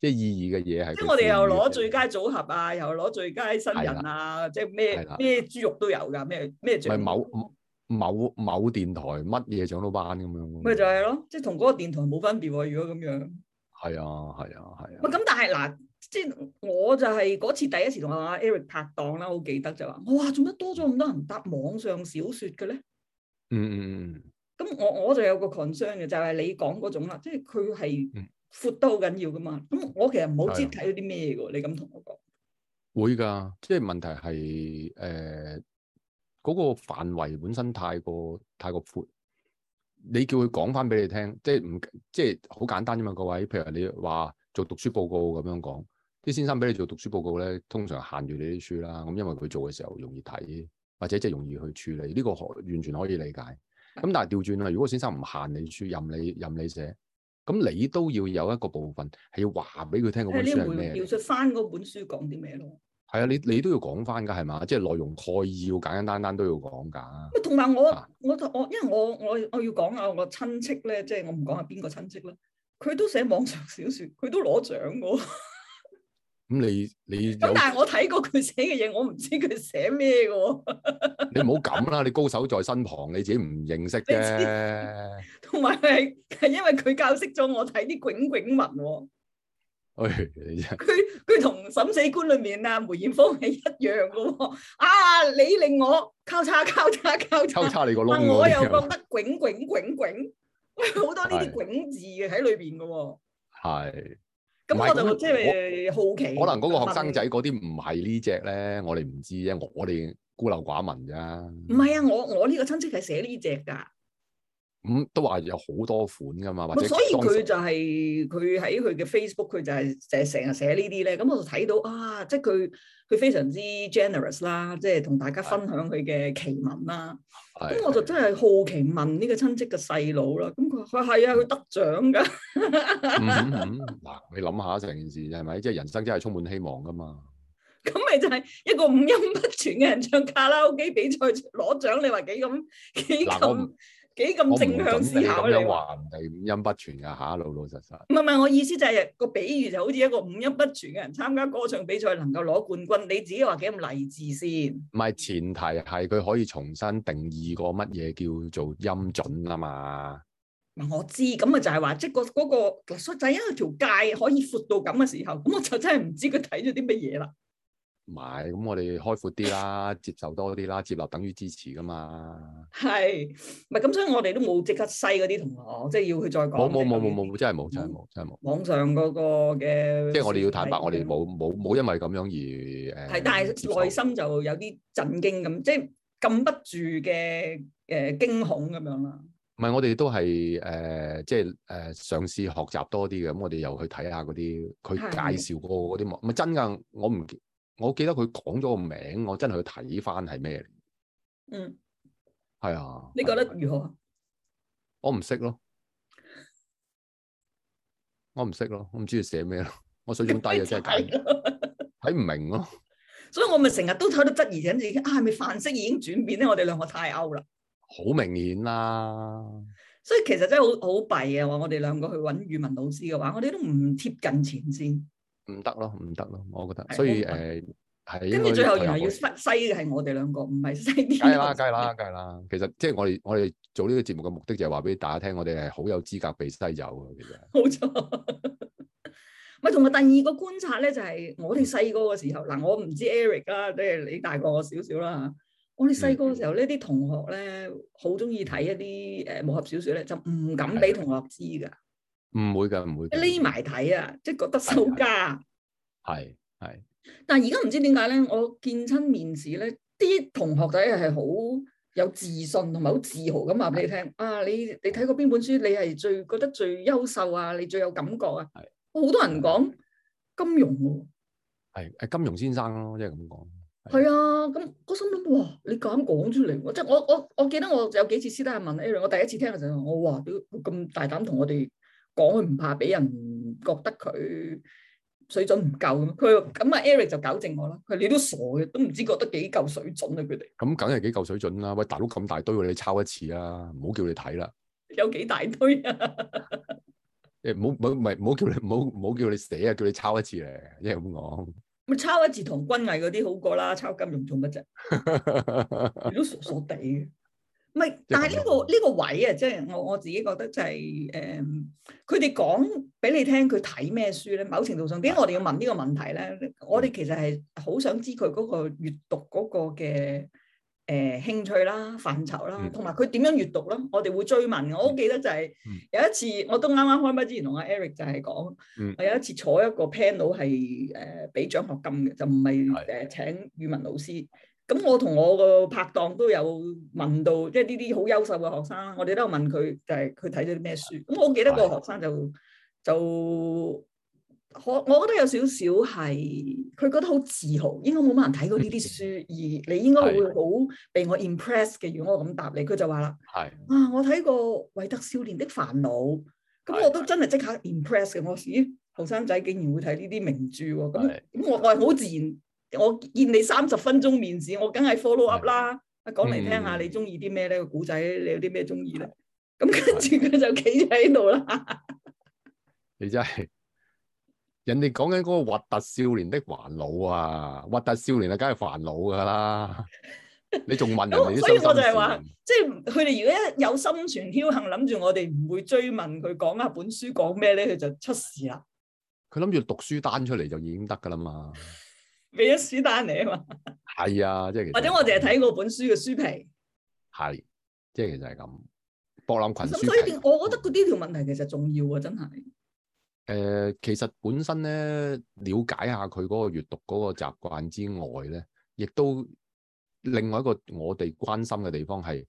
即係意義嘅嘢係，即係我哋又攞最佳組合啊，又攞最佳新人啊，的即係咩咩豬肉都有噶，咩咩係某某某電台乜嘢長到班咁樣。咪就係咯，即係同嗰個電台冇分別啊。如果咁樣，係啊係啊係啊。咁但係嗱，即係我就係、是、嗰次第一次同阿 Eric 拍檔啦，好記得就話，哇，做乜多咗咁多人搭網上小說嘅咧？嗯嗯咁我我就有個 concern 嘅，就係你講嗰種啦，即係佢係。嗯闊都好緊要噶嘛？咁我其實唔好知睇到啲咩嘅，的你咁同我講，會噶，即係問題係誒，嗰個範圍本身太過太過闊，你叫佢講翻俾你聽，即係唔即係好簡單啫嘛？各位，譬如你話做讀書報告咁樣講，啲先生俾你做讀書報告咧，通常限住你啲書啦。咁因為佢做嘅時候容易睇，或者即係容易去處理呢個，完全可以理解。咁但係調轉啦，如果先生唔限你書，任你任你寫。咁你都要有一個部分係要話俾佢聽個本書係咩？描述翻嗰本書講啲咩咯？係啊，你你都要講翻㗎，係嘛？即係內容概要簡簡單單都要講㗎。同埋我，我我因為我我我要講下我個親戚咧，即係我唔講係邊個親戚啦，佢都寫網上小説，佢都攞獎㗎。 咁你你咁但係我睇過佢寫嘅嘢，我唔知佢寫咩嘅。 你唔好咁啦，你高手在身旁，你自己唔認識啫。同埋係因為佢教識咗我睇啲囧囧文。佢佢同《審死官》裏面啊梅艷芳係一樣嘅。 啊，你令我交叉交叉交叉交你個窿、但、我又覺得囧囧囧囧，好 多呢啲囧字嘅喺裏邊嘅。係。我就即係好奇，唔係，可能嗰個學生仔嗰啲唔係呢隻咧，我哋唔知啫，我哋孤陋寡聞咋。唔係啊，我我呢個親戚係寫呢隻噶。咁都話有好多款噶嘛，咁所以佢就係佢喺佢嘅 Facebook，佢就係就係成日寫呢啲咧。咁我就睇到啊，即係佢佢非常之 generous 啦，即係同大家分享佢嘅奇聞啦。咁的我就真係好奇問呢個親戚嘅細佬啦。咁佢話係啊，佢得獎噶。嗱、 嗯嗯嗯，你諗下成件事係咪？即係人生真係充滿希望噶嘛？咁咪就係一個五音不全嘅人唱卡拉 OK 比賽攞獎，你話幾咁幾咁？幾咁正向思考，你話人哋五音不全呀？吓，老老實實。唔係唔係，我意思就係個比喻就好似一個五音不全嘅人參加歌唱比賽能夠攞冠軍，你自己話幾咁勵志先？唔係，前提係佢可以重新定義個乜嘢叫做音準啊嘛。我知，咁啊就係話即個嗰個垃圾仔啊條界可以闊到咁嘅時候，咁我就真係唔知佢睇咗啲乜嘢啦。埋咁、嗯，我哋開闊啲啦，接受多啲啦，接納等於支持噶嘛。係，唔係咁，所以我哋都冇即刻篩嗰啲同學，即、就、係、是、要去再講。冇冇冇冇冇，真係冇、嗯，真係冇，真係冇。網上嗰個嘅，即係我哋要坦白，的我哋冇冇冇，因為咁樣而誒。係，但係內心就有啲震驚咁、嗯，即係禁不住嘅誒驚恐咁樣啦。唔係，我哋都係誒、呃，即係誒、呃，嘗試學習多啲嘅。咁我哋又去睇下嗰啲佢介紹過嗰啲網，唔的真㗎，我唔。我記得佢講咗個名，我真係去睇翻係咩嚟。嗯，係啊。你覺得如何？我唔識咯，我唔識咯，我唔知要寫咩咯。我水準低啊， 真係睇睇唔明咯。 所以我咪成日都喺度質疑緊自己，啊，係咪範式已經轉變咧？我哋兩個太 out 啦。好明顯啦。所以其實真係好好弊啊！話我哋兩個去揾語文老師嘅話，我哋都唔貼近前線。唔得咯，唔得咯，我覺得。的所以誒，係、呃。應跟住最後原來要西嘅係我哋兩個，唔係西啲。梗係啦，梗係啦，梗係啦，啦。其實即係我哋我哋做呢個節目嘅目的就係話俾大家聽，我哋係好有資格被西遊嘅其實。冇沒錯。咪同埋第二個觀察咧，就係、是、我哋細個嘅時候，嗱，我唔知 Eric 啦，即係你大過我少少啦嚇。我哋細個嘅時候呢啲、嗯、同學咧，好中意睇一啲誒武俠小説咧，就唔敢俾同學知㗎。唔會嘅，唔會匿埋睇啊，即係覺得收加係係，但係而家唔知點解咧？我見親面子咧，啲同學仔係好有自信同埋好自豪咁話俾你聽的啊！你你睇過邊本書你？你係最覺得最優秀啊？你最有感覺啊？係的，好多人講金融喎，啊，係誒，金融先生咯，即係咁講係啊。咁我心諗哇，你咁講出嚟，啊？即係我我我，我記得我有幾次私底下問 A，哎，我第一次聽嘅時候，我話都咁大膽同我哋。講佢唔怕俾人覺得佢水準唔夠，佢咁阿 Eric 就糾正我啦。佢你都傻嘅，都唔知覺得幾夠水準啊！佢哋咁梗係幾夠水準啦、啊。喂，大佬，咁大堆、啊，你抄一次啊！唔好叫你睇啦。有幾大堆啊？誒、 欸，唔好唔係唔好叫你唔好唔好叫你死啊！叫你抄一次咧、啊，一係咁講。咁抄一次同軍藝嗰啲好過啦，抄金融做乜啫？ 你都傻傻地。唔係，但係呢、這個呢、這個位啊，即、就、係、是、我我自己覺得就係、是、誒，佢哋講俾你聽佢睇咩書咧。某程度上，點解我哋要問呢個問題咧？嗯、我哋其實係好想知佢嗰個閱讀嗰個嘅誒、呃、興趣啦、範疇啦，同埋佢點樣閱讀啦。我哋會追問。我好記得就係有一次，嗯、我都啱啱開咪之前同阿 Eric 就係講，嗯、我有一次坐一個 panel 係誒俾、呃、獎學金嘅，就唔係誒請語文老師。咁我同我個拍檔都有問到，即係呢啲好優秀嘅學生，我哋都有問佢就係佢睇咗啲咩書。咁我記得個學生就的就我我覺得有少少係佢覺得好自豪，應該冇乜人睇過呢啲書，嗯、而你應該會好被我 impress 嘅。的如果我咁答你，佢就話啦：係的啊，我睇過《維特少年的煩惱》，咁我都真係即刻 impress 嘅。我咦，後生仔竟然會睇呢啲名著，咁我我係好自然。我見你三十分鐘面試，我梗係 follow up 啦。講嚟的聽下，你中意啲咩咧？這個古仔，你有啲咩中意咧？咁跟住佢就企咗喺度啦。你真係，人哋講緊嗰個《核突少年的煩惱》啊，《核突少年》啊，梗係煩惱噶啦。你仲問人哋？ 所以我就係話，即係佢哋如果有心存僥倖，諗住我哋唔會追問佢講下本書講咩咧，佢就出事啦。佢諗住讀書單出嚟就已經得噶啦嘛。俾咗書單你啊嘛，係啊，即係，或者我淨係睇嗰本書嘅書皮，係，即係其實係咁。博覽群書，我覺得佢呢條問題其實重要啊，真係。誒、呃，其實本身咧，了解下佢嗰個閱讀嗰個習慣之外咧，亦都另外一個我哋關心嘅地方係，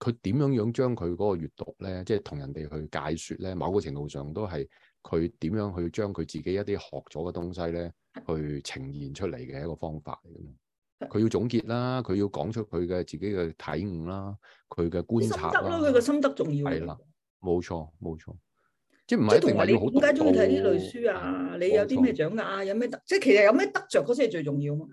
佢點樣樣將佢嗰個閱讀咧，即係同人哋去解說咧，某個程度上都係佢點樣去將佢自己一啲學咗嘅東西咧。去呈現出嚟嘅一個方法咁，佢要總結啦，佢要講出佢嘅自己嘅體悟啦，佢嘅觀察啦，心得咯，佢嘅心得重要係啦，冇錯冇錯，即係唔係同埋你點解中意睇呢類書啊？你有啲咩獎啊？有咩得？錯即係其實有咩得着嗰先係最重要嘛。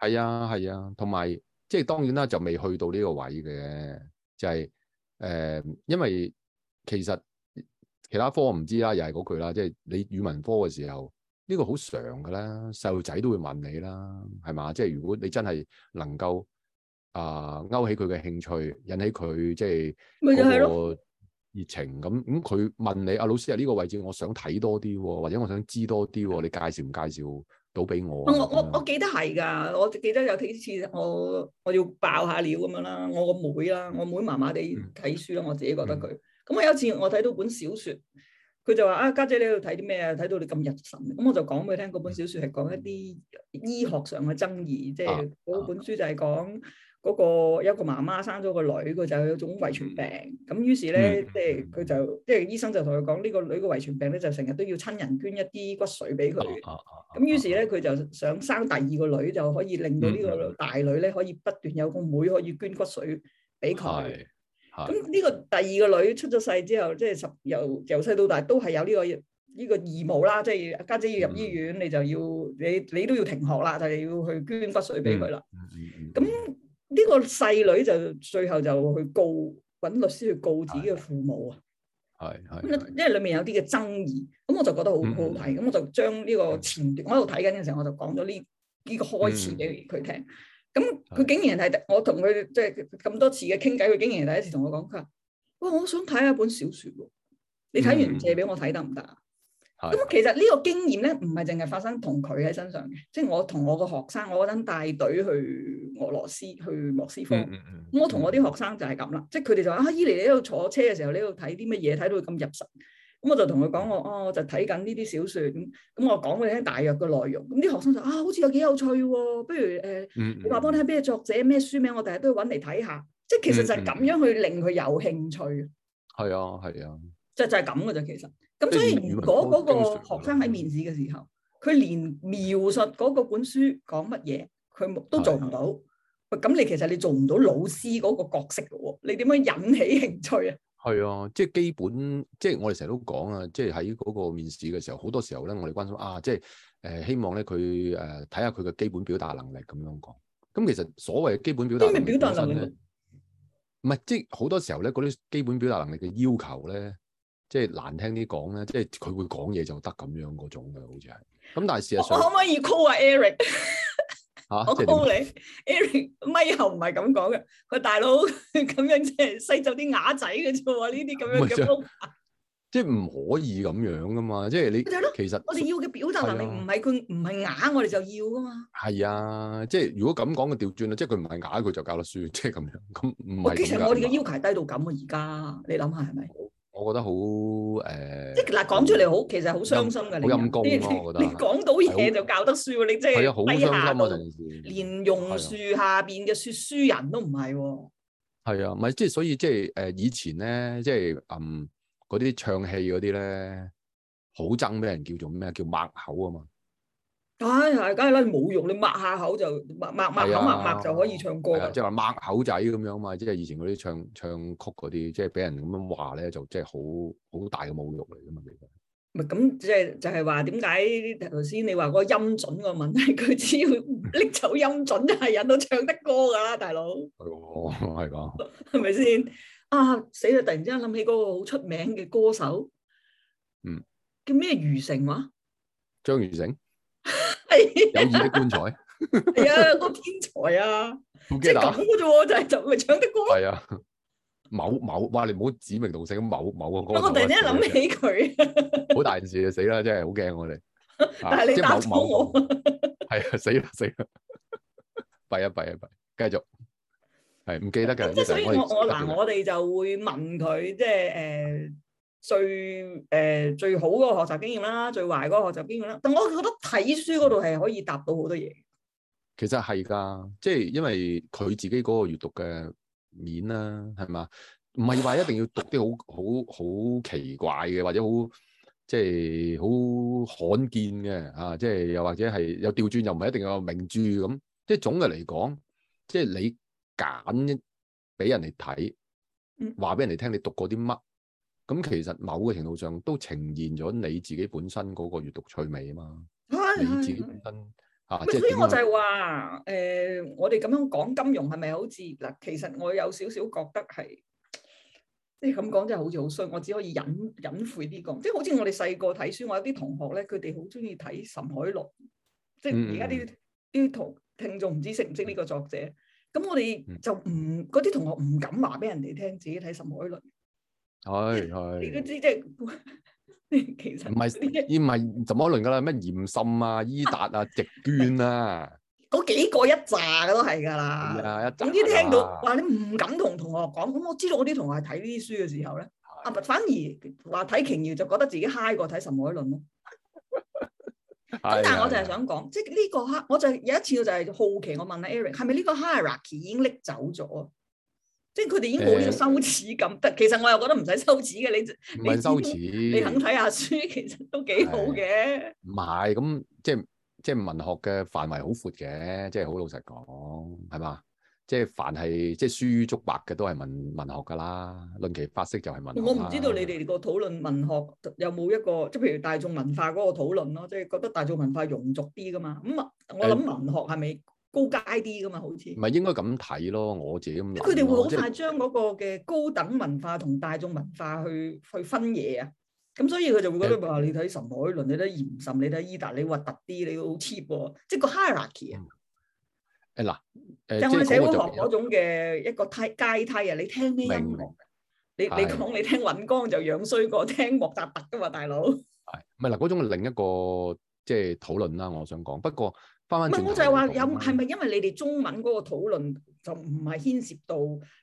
係啊係啊，同埋即係當然啦，就未去到呢個位嘅，就係、是、誒、呃，因為其實其他科我唔知啦，又係嗰句啦，即、就、係、是、你語文科嘅時候。呢個好常噶啦，細路仔都會問你啦，係嘛？即係如果你真係能夠啊、呃、勾起佢嘅興趣，引起佢即係咯，熱情咁，咁佢問你啊，老師啊，呢個位置我想睇多啲，或者我想知多啲，你介紹唔介紹到俾我，、嗯、吧我？我我我記得係噶，我記得有幾次我我要爆下料咁樣啦，我個妹啦，我妹麻麻地睇書啦，我自己覺得佢咁，我有一次我睇到本小說。佢就話：啊，家姐你喺度睇啲咩啊？睇到你咁入神。咁我就講俾佢聽，嗰本小説係講一啲醫學上嘅爭議，即係嗰本書就係講嗰個有一個媽媽生咗個女，佢就有一種遺傳病。咁、嗯、於是咧，即係佢就即係醫生就同佢講，呢個女嘅遺傳病咧就成日都要親人捐一啲骨髓俾佢。哦咁、啊啊啊、於是咧，佢就想生第二個女就可以令到呢個大女咧可以不斷有個妹可以捐骨髓俾佢。嗯嗯嗯咁呢個第二個女出咗世之後，即係十由由細到大都係有呢、這個呢、這個義務啦，即係家姐，姐要入醫院，嗯、你就要你你都要停學啦，就係要去捐骨髓俾佢啦。咁呢、嗯、個細女就最後就去告揾律師去告自己嘅父母啊。係係、嗯，嗯、因為裡面有啲嘅爭議，咁我就覺得好好睇，咁、嗯、我就將呢個前段、嗯、我喺度睇緊嘅時候，我就講咗呢呢個開始俾佢聽。嗯嗯咁佢竟然係的我同佢即係咁多次嘅傾偈，佢竟然第一次同我講佢話，哇，我想睇下一本小説喎，你睇完借俾我睇得唔得啊？咁的其實呢個經驗咧，唔係淨係發生同佢喺身上嘅，即係我同我個學生，我嗰陣帶隊去俄羅斯去莫斯科，咁的我同我啲學生就係咁啦，的即係佢哋就話，啊，伊妮你喺度坐車嘅時候，你喺度睇啲乜嘢，睇到咁入神。咁我就同佢講我哦，就睇緊呢啲小説咁，咁、嗯嗯嗯、我講佢聽大約嘅內容。咁啲學生就啊，好似有幾有趣喎，不如誒，你話幫聽咩作者咩書名，我第日都揾嚟睇下。即係其實就係咁樣去令佢有興趣。係啊，係啊，就就係咁噶啫。其實咁所以，如果嗰個學生喺面試嘅時候，佢連描述嗰個本書講乜嘢，佢都做唔到。咁、啊啊、你其實你做唔到老師嗰個角色噶喎？你點樣引起興趣啊？係啊，即係基本，即係我哋成日都講啊，即係喺嗰個面試嘅時候，好多時候咧，我哋關心啊，即係誒，希望咧佢誒睇下佢嘅基本表達能力咁樣講。咁其實所謂基本表達能力咧，唔係即係好多時候咧嗰啲基本表達能力嘅要求咧，即係難聽啲講咧，即係佢會講嘢就得咁樣嗰種嘅，好似係。咁但係事實上，我可唔可以 call 阿 Eric？啊、我 call 你，Eric，咪喉唔係咁講嘅，佢 大佬咁樣即係洗走啲啞仔嘅啫喎，呢啲咁樣嘅方法，即係唔可以咁樣噶嘛，即係你，其實我哋要嘅表達能力唔係佢唔係啞，我哋就要噶嘛。係啊，即係如果咁講嘅調轉啦，即係佢唔係啞，佢就教得書，即係咁樣，咁唔係。其實我哋嘅要求低到咁啊，而家你諗下係咪？我覺得好誒，即係嗱，講出嚟好，其實好傷心噶，啊，好陰功我覺得。你講到嘢就教得書喎，啊，很你真係。好傷心啊，同時連榕樹下邊嘅說書人都唔係喎。係啊，咪即係所以即係誒，以前咧即係嗯嗰啲唱戲嗰啲咧，好憎畀人叫做咩叫擘口啊嘛。梗係，梗係啦，冇用，你抹下口就抹抹抹口抹抹就可以唱歌。即係話抹口仔咁樣嘛，即係以前嗰啲唱唱曲嗰啲，即係俾人咁樣話咧，就即係好好大嘅侮辱嚟噶嘛，其實。唔係咁，即係就係話點解頭先你話嗰個音準個問題，佢只要拎走音準，就係人都唱得歌噶啦，大佬。哦， 係噶係咪先？啊，死啦！突然之間諗起嗰個好出名嘅歌手，嗯，叫咩？余成話，張余成。有意的棺材，係啊、 哎，個天才啊，唔記得咗啫，就係就咪唱啲歌咯。係啊、 嗯，某某，哇，你唔好指名道姓某某個歌，我突然間諗起佢，好大件事就死啦，真係好驚我哋。但係你打錯我，係啊，死啦死啦，閉一閉一閉，繼續係唔記得嘅。即係所以我我嗱，我哋就會問佢，即係誒。最誒、呃、最好嗰個學習經驗啦，最壞嗰個學習經驗啦。但我覺得睇書嗰度係可以答到好多嘢。其實係噶，即係因為佢自己嗰個閱讀嘅面啦、啊，係嘛？唔係話一定要讀啲 好好好奇怪嘅，或者好即係好罕見嘅啊！即係又或者係有調轉又唔係一定要有名著咁。即係總嘅嚟講，即、就、係、係、你揀俾人哋睇，話俾、嗯、人哋聽你讀過啲乜。咁其實某個程度上都呈現咗你自己本身嗰個閱讀趣味啊嘛，哎、呀你自己本身吓，啊、所以我就係話誒，呃嗯、我哋咁樣講金融係咪好似嗱？其實我有少少覺得係，即係咁講真係好似好衰，我只可以隱隱晦啲講。即、就、係、是、好似我哋細個睇書，我有啲同學咧，佢哋好中意睇岑凱倫，即係而家啲啲同聽眾唔知識唔識呢個作者。咁我哋就唔嗰啲同學唔敢話俾人哋聽，自己睇岑凱倫。係係，你都知即係其實唔係，唔係岑凱倫噶啦，咩嚴沁啊、伊達啊、席絹啊，嗰幾個一紮嘅都係噶啦。總之聽到，話，你唔敢同同學講。咁我知道我啲同學睇呢啲書嘅時候咧，阿文反而話睇瓊瑤就覺得自己 high 過睇岑凱倫咯。咁但係我就係想講，即係呢個哈，我就有一次就係好奇，我問阿 Eric，係咪呢個 Hierarchy 已經拎走咗？即係佢哋已經冇呢個羞恥感，欸、但其實我又覺得唔使羞恥嘅，你唔係羞恥你你肯睇下書，其實都幾好嘅。唔係，咁即係即係文學嘅範圍好闊嘅，即係好老實講，係嘛？即係凡係即係書於竹帛嘅，都係文文學噶啦。論其發式就係文學。我唔知道你哋個討論文學有冇一個，即係譬如大眾文化嗰個討論咯，即係覺得大眾文化庸俗啲噶嘛？咁啊，我諗文學係咪？欸高階啲噶嘛，好似唔係應該咁睇咯，我自己咁。佢哋會好快將嗰個嘅高等文化同大眾文化去去分野啊！咁所以佢就會覺得話：你睇岑海倫，你睇嚴岑，你睇伊達，你核突啲，你好 cheap 喎！即係個 hierarchy 啊！誒嗱，即係社會學嗰種嘅一個梯階梯啊！你聽咩音樂？你你講你聽尹光就樣衰過聽莫扎特噶嘛，大佬係咪嗱？嗰種係另一個即係討論啦。我想講不過。唔係，我就係話有，係咪因為你哋中文嗰個討論就唔係牽涉到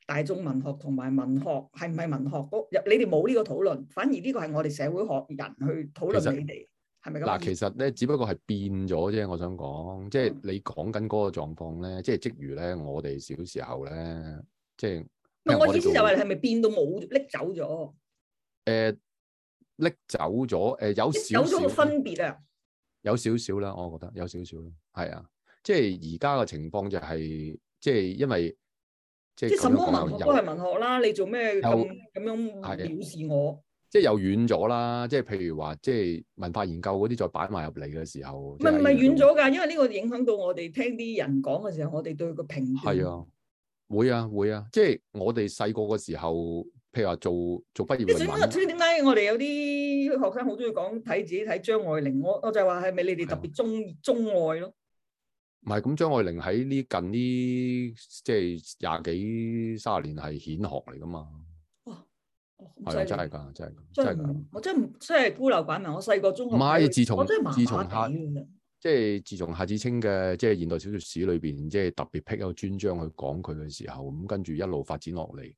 大眾文學同埋文學，係唔係文學嗰？入你哋冇呢個討論，反而呢個係我哋社會學人去討論你哋，係咪咁？嗱，其實咧，只不過係變咗啫。我想講，即係你講緊嗰個狀況咧，即係即如咧，我哋小時候咧，即係。唔係，我意思就係你係咪變到冇拎走咗？誒，拎走咗誒，有少少。有咗個分別啊！有少少啦，我覺得有少，少少啦，係啊，即係而家嘅情況就係、是，即係因為即係什麼文學都係文學啦，有你做咩咁有樣藐視我，即係又遠咗啦，即係譬如話，即係文化研究嗰啲再擺埋入嚟嘅時候，唔係唔係遠咗㗎？因為呢個影響到我哋聽啲人講嘅時候，我哋對個評判係啊，會啊會啊，即係我哋細個嘅時候。譬如話做做畢業，啲小點解我哋有啲學生好中意講睇自己睇張愛玲？我我就係話係咪你哋特別中的中愛咯？唔係咁，張愛玲喺呢近呢即係廿幾卅年係顯學嚟噶嘛？哇、哦，係真係噶，真係真係噶，我真係真係孤陋寡聞。我細個中學唔係自從我真係即係自從夏志清嘅即係現代小說史裏邊即係特別辟一個專章去講佢嘅時候，咁跟住一路發展落嚟。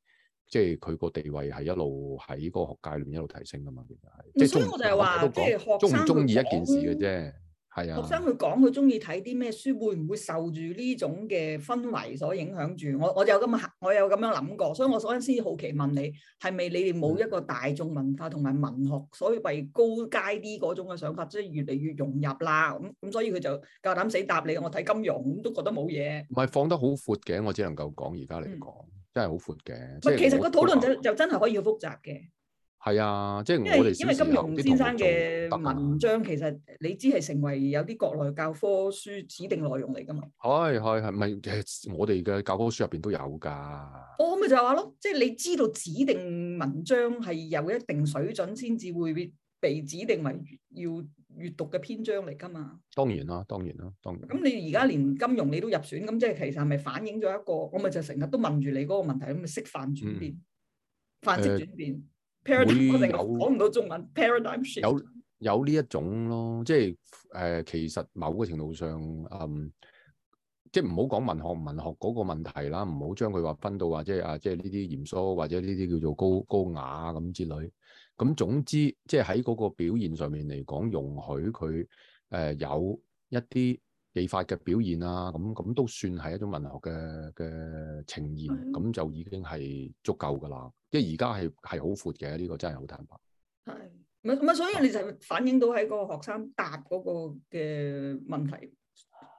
即係佢個地位係一路喺個學界裏面一路提升噶嘛，其實係。唔所以我就話，即係學生中唔中意一件事嘅啫。係啊，學生佢講佢中意睇啲咩書，會唔會受住呢種嘅氛圍所影響住？我我就有咁啊，我有咁樣諗過。所以我首先好奇問你，係咪你哋冇一個大眾文化同埋文學，所謂高階啲嗰種嘅想法，即係越嚟越融入啦？咁咁所以佢就夠膽死答你，我睇金庸都覺得冇嘢。唔係放得好闊嘅，我只能夠講而家嚟講。真係好闊嘅，不是其實個討論就就真係可以複雜嘅。係啊，即係我哋因為金庸先生嘅文章，其實你知係成為有啲國內教科書指定內容嚟噶嘛？係係係，咪，我哋嘅教科書入邊都有噶。我咪、哦、就話咯，即係你知道指定文章係有一定水準，先至會被指定為要。閱讀嘅篇章嚟噶嘛當？當然啦，當然啦，當然。咁你而家連金融你都入選，咁即係其實係咪反映咗一個？我咪就成日都問住你嗰個問題，咁咪識範轉變，法式、嗯、轉變。嗯、Paradigm，有我講唔到中文。有 Paradigm shift。有有呢一種咯，即係誒、呃，其實某個程度上，嗯，即係唔好講文學唔文學嗰個問題啦，唔好將佢話分到話即係啊，即係呢啲嚴肅或者呢啲叫做高高雅咁之類。咁總之，即係喺嗰個表現上面嚟講，容許佢誒有一啲技法嘅表現啊，咁咁都算係一種文學嘅嘅呈現，咁就已經係足夠噶啦。即係而家係係好闊嘅，呢個真係好坦白。係咪咪所以你就反映到喺個學生答嗰個嘅問題、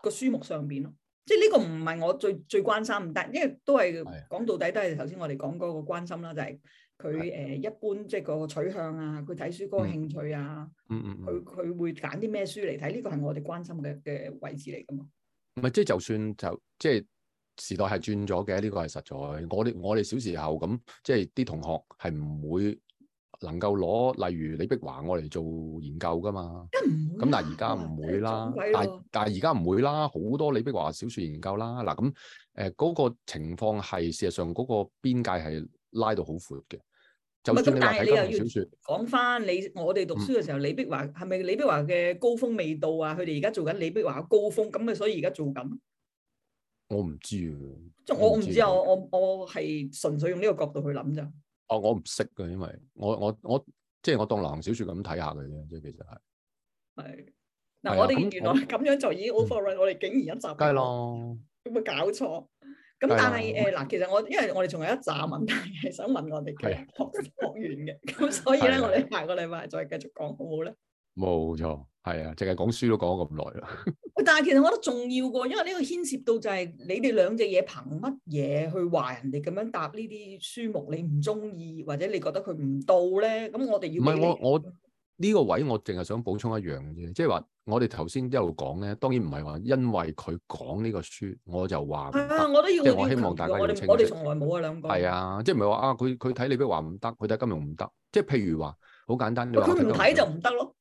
個書目上邊咯？即係呢個唔係我最最關心，但係因為都係講的到底都係頭先我哋講嗰個關心啦，就係、是。佢誒一般即係個取向啊，佢睇書嗰個興趣啊，嗯嗯，佢、嗯、佢、嗯、會揀啲咩書嚟睇？呢個係我哋關心嘅嘅位置嚟㗎嘛。唔係即係就算就即係時代係轉咗嘅，呢、呢個係實在我哋我哋小時候咁即係啲同學係唔會能夠攞例如李碧華我嚟做研究㗎嘛，咁、嗯嗯、但係而家唔會啦，啊、但係但係而家唔會啦，好多李碧華小説研究啦嗱咁誒嗰個情況係事實上嗰個邊界係拉到好闊嘅。咁，但係你又要講翻你我哋讀書嘅時候，嗯、李碧華係咪李碧華嘅高峰未到啊？佢哋而家做緊李碧華嘅高峰，咁啊，所以而家做緊。我唔知啊。即係我唔知啊我，我我我係純粹用呢個角度去諗咋。哦，我唔識嘅，因為我我我即係、就是、我當流行小説咁睇下嘅啫，即係其實係。係。嗱、啊，我哋原來咁樣就已經 overrun，的我哋竟然一集都。係咯了。有冇搞錯？咁，但係誒嗱，其實我因為我哋仲有一紮問題係想問我哋學學員嘅。咁、啊、 所以咧呢，啊、我哋下個禮拜再繼續講好唔好咧？冇錯，係啊，淨係講書都講咗咁耐啦。 但係其實我覺得重要過，因為呢個牽涉到就係你哋兩隻嘢憑乜嘢去話人哋咁樣答呢啲書目你？你唔中意或者你覺得佢唔到咧？咁我哋要唔係我我？我呢個位我淨係想補充一樣嘢，即係話我哋頭先一路講咧，當然唔係話因為佢講呢個書，我就話唔得。啊，我都要，我希望大家都清楚。我哋從來冇啊，兩個係啊，即係唔係話啊，佢佢睇李碧華唔得，佢睇金融唔得。即係譬如話好簡單嘅話，佢唔睇就唔得咯。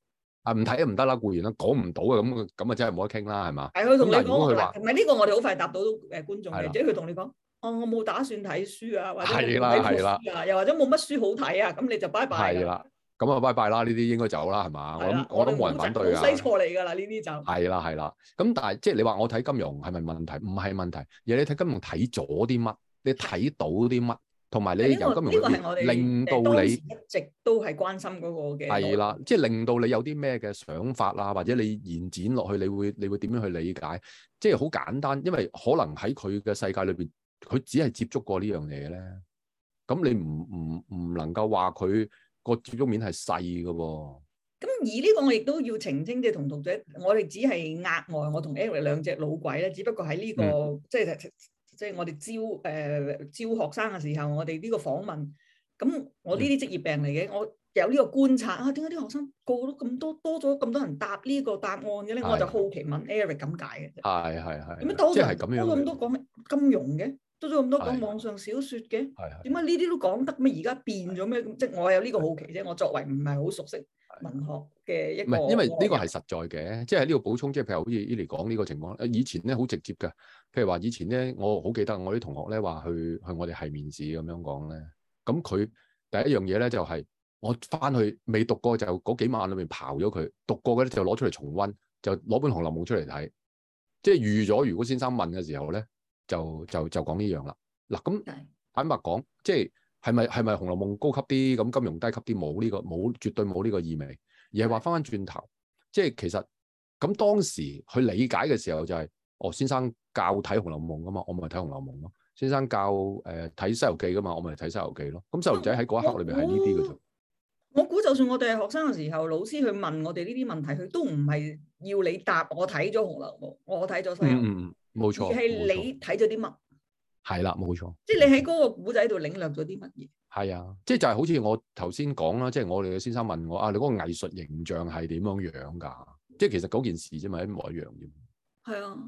啊，唔睇唔得啦，固然啦，講唔、這個、到啊。咁、啊，咁啊真係冇得傾啦，係嘛？係佢同你講唔係呢個，我哋好快答到誒，觀眾嘅，或者佢同你講，哦，我冇打算睇書啊，或者唔睇書啊，又或者冇乜書好睇啊，咁你就拜拜、啊。咁啊拜拜啦，呢啲應該走啦，係嘛？我諗我都冇人反對啊。好死錯嚟㗎啦，呢啲就係啦，係啦。咁但係即係你話我睇金融係咪問題？唔係問題。而你睇金融睇咗啲乜？你睇到啲乜？同埋你由金融去令到你一直都係關心嗰個嘅。係啦，即係令到你有啲咩嘅想法啊？或者你延展落去，你會你會點樣去理解？即係好簡單，因為可能喺佢嘅世界裏邊，佢只係接觸過呢樣嘢咧。咁你唔唔唔能夠話佢？個接觸面係細嘅喎，咁而呢個我亦都要澄清，即係同同者，我哋只係額外，我同 Eric 兩隻老鬼咧，只不過喺呢、呢個、嗯、即係即係我哋招誒招學生嘅時候，我哋呢個訪問，咁我呢啲職業病嚟嘅，我有呢個觀察、嗯、啊，點解啲學生個個都咁多多咗咁多人答呢個答案嘅咧？的我就好奇問 Eric 咁解嘅，係係係，點解都咁多咁多講金融嘅？都做咁多講網上小說嘅，點解呢啲都講得咩？而家變咗咩？即係的我有呢個好奇啫。的我作為唔係好熟悉文學嘅一個，因為呢個係實在嘅，即係喺呢度補充。即係譬如好似 Eli 講呢個情況，以前咧好直接㗎。譬如話以前咧，我好記得我啲同學咧話去去我哋係面試咁樣講咧。咁佢第一樣嘢咧就係、是、我翻去未讀過就嗰幾晚裏面刨咗佢，讀過嘅咧就攞出嚟重溫，就攞本《紅樓夢》出嚟睇，即係預咗如果先生問嘅時候咧。就就就講呢樣啦。嗱咁坦白講，即係係咪係咪《紅樓夢》高級啲？咁金融低級啲？冇呢個冇絕對冇呢個意味，而係話翻返轉頭，即係其實咁當時佢理解嘅時候就係：哦，先生教睇《紅樓夢》噶嘛，我咪睇《紅樓夢》咯。先生教誒睇《西遊記》噶嘛，我咪睇《西遊記》咯。咁細路仔喺嗰一刻裏面係呢啲嘅啫。我估就算我哋係學生嘅時候，老師去問我哋呢啲問題，佢都唔係要你答。我睇咗《紅樓夢》，我睇咗《西遊》嗯。冇錯，係你睇咗啲乜？係啦，冇錯，即係你喺嗰個古仔度領略咗啲乜嘢？係、嗯、啊，即係就係、是、好似我頭先講啦，即、就、係、是、我哋嘅先生問我啊，你嗰個藝術形象係點樣樣噶？即係其實嗰件事啫嘛，一模一樣嘅。係、嗯、啊，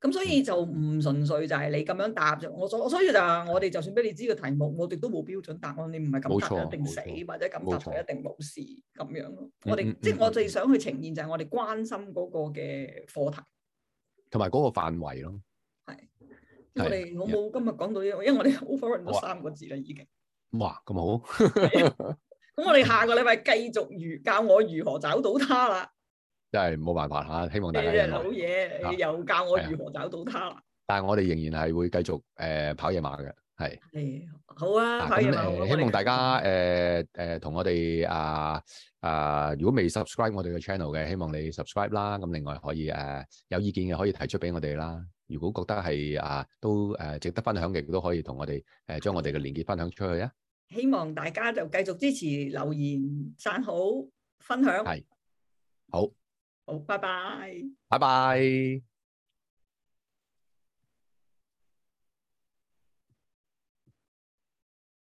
咁所以就唔純粹就係你咁樣答就，我所所以就話我哋就算俾你知個題目，我哋都冇標準答案，你唔係咁答就錯一定死，錯或者咁答就錯一定冇事咁樣咯。我哋即係我最想去呈現就係我哋關心嗰個嘅課題。同埋嗰個範圍咯，係我哋我冇今日講到，因為我哋 overrun 咗三個字啦已經。哇，咁好，咁我哋下個禮拜繼續如教我如何找到他啦。真係冇辦法嚇，希望大家好嘢又教我如何找到他啦。但係我哋仍然係會繼續誒跑野馬嘅。係係好啊！咁誒，希望大家誒誒，同我哋啊啊，如果未 subscribe 我哋嘅 channel 嘅，希望你 subscribe 啦。咁另外可以誒，有意見嘅可以提出俾我哋啦。如果覺得係啊，都誒值得分享嘅，都可以同我哋誒，將我哋嘅連結分享出去啊！希望大家就繼續支持留言、讚好、分享。係，好，好，拜拜，拜拜。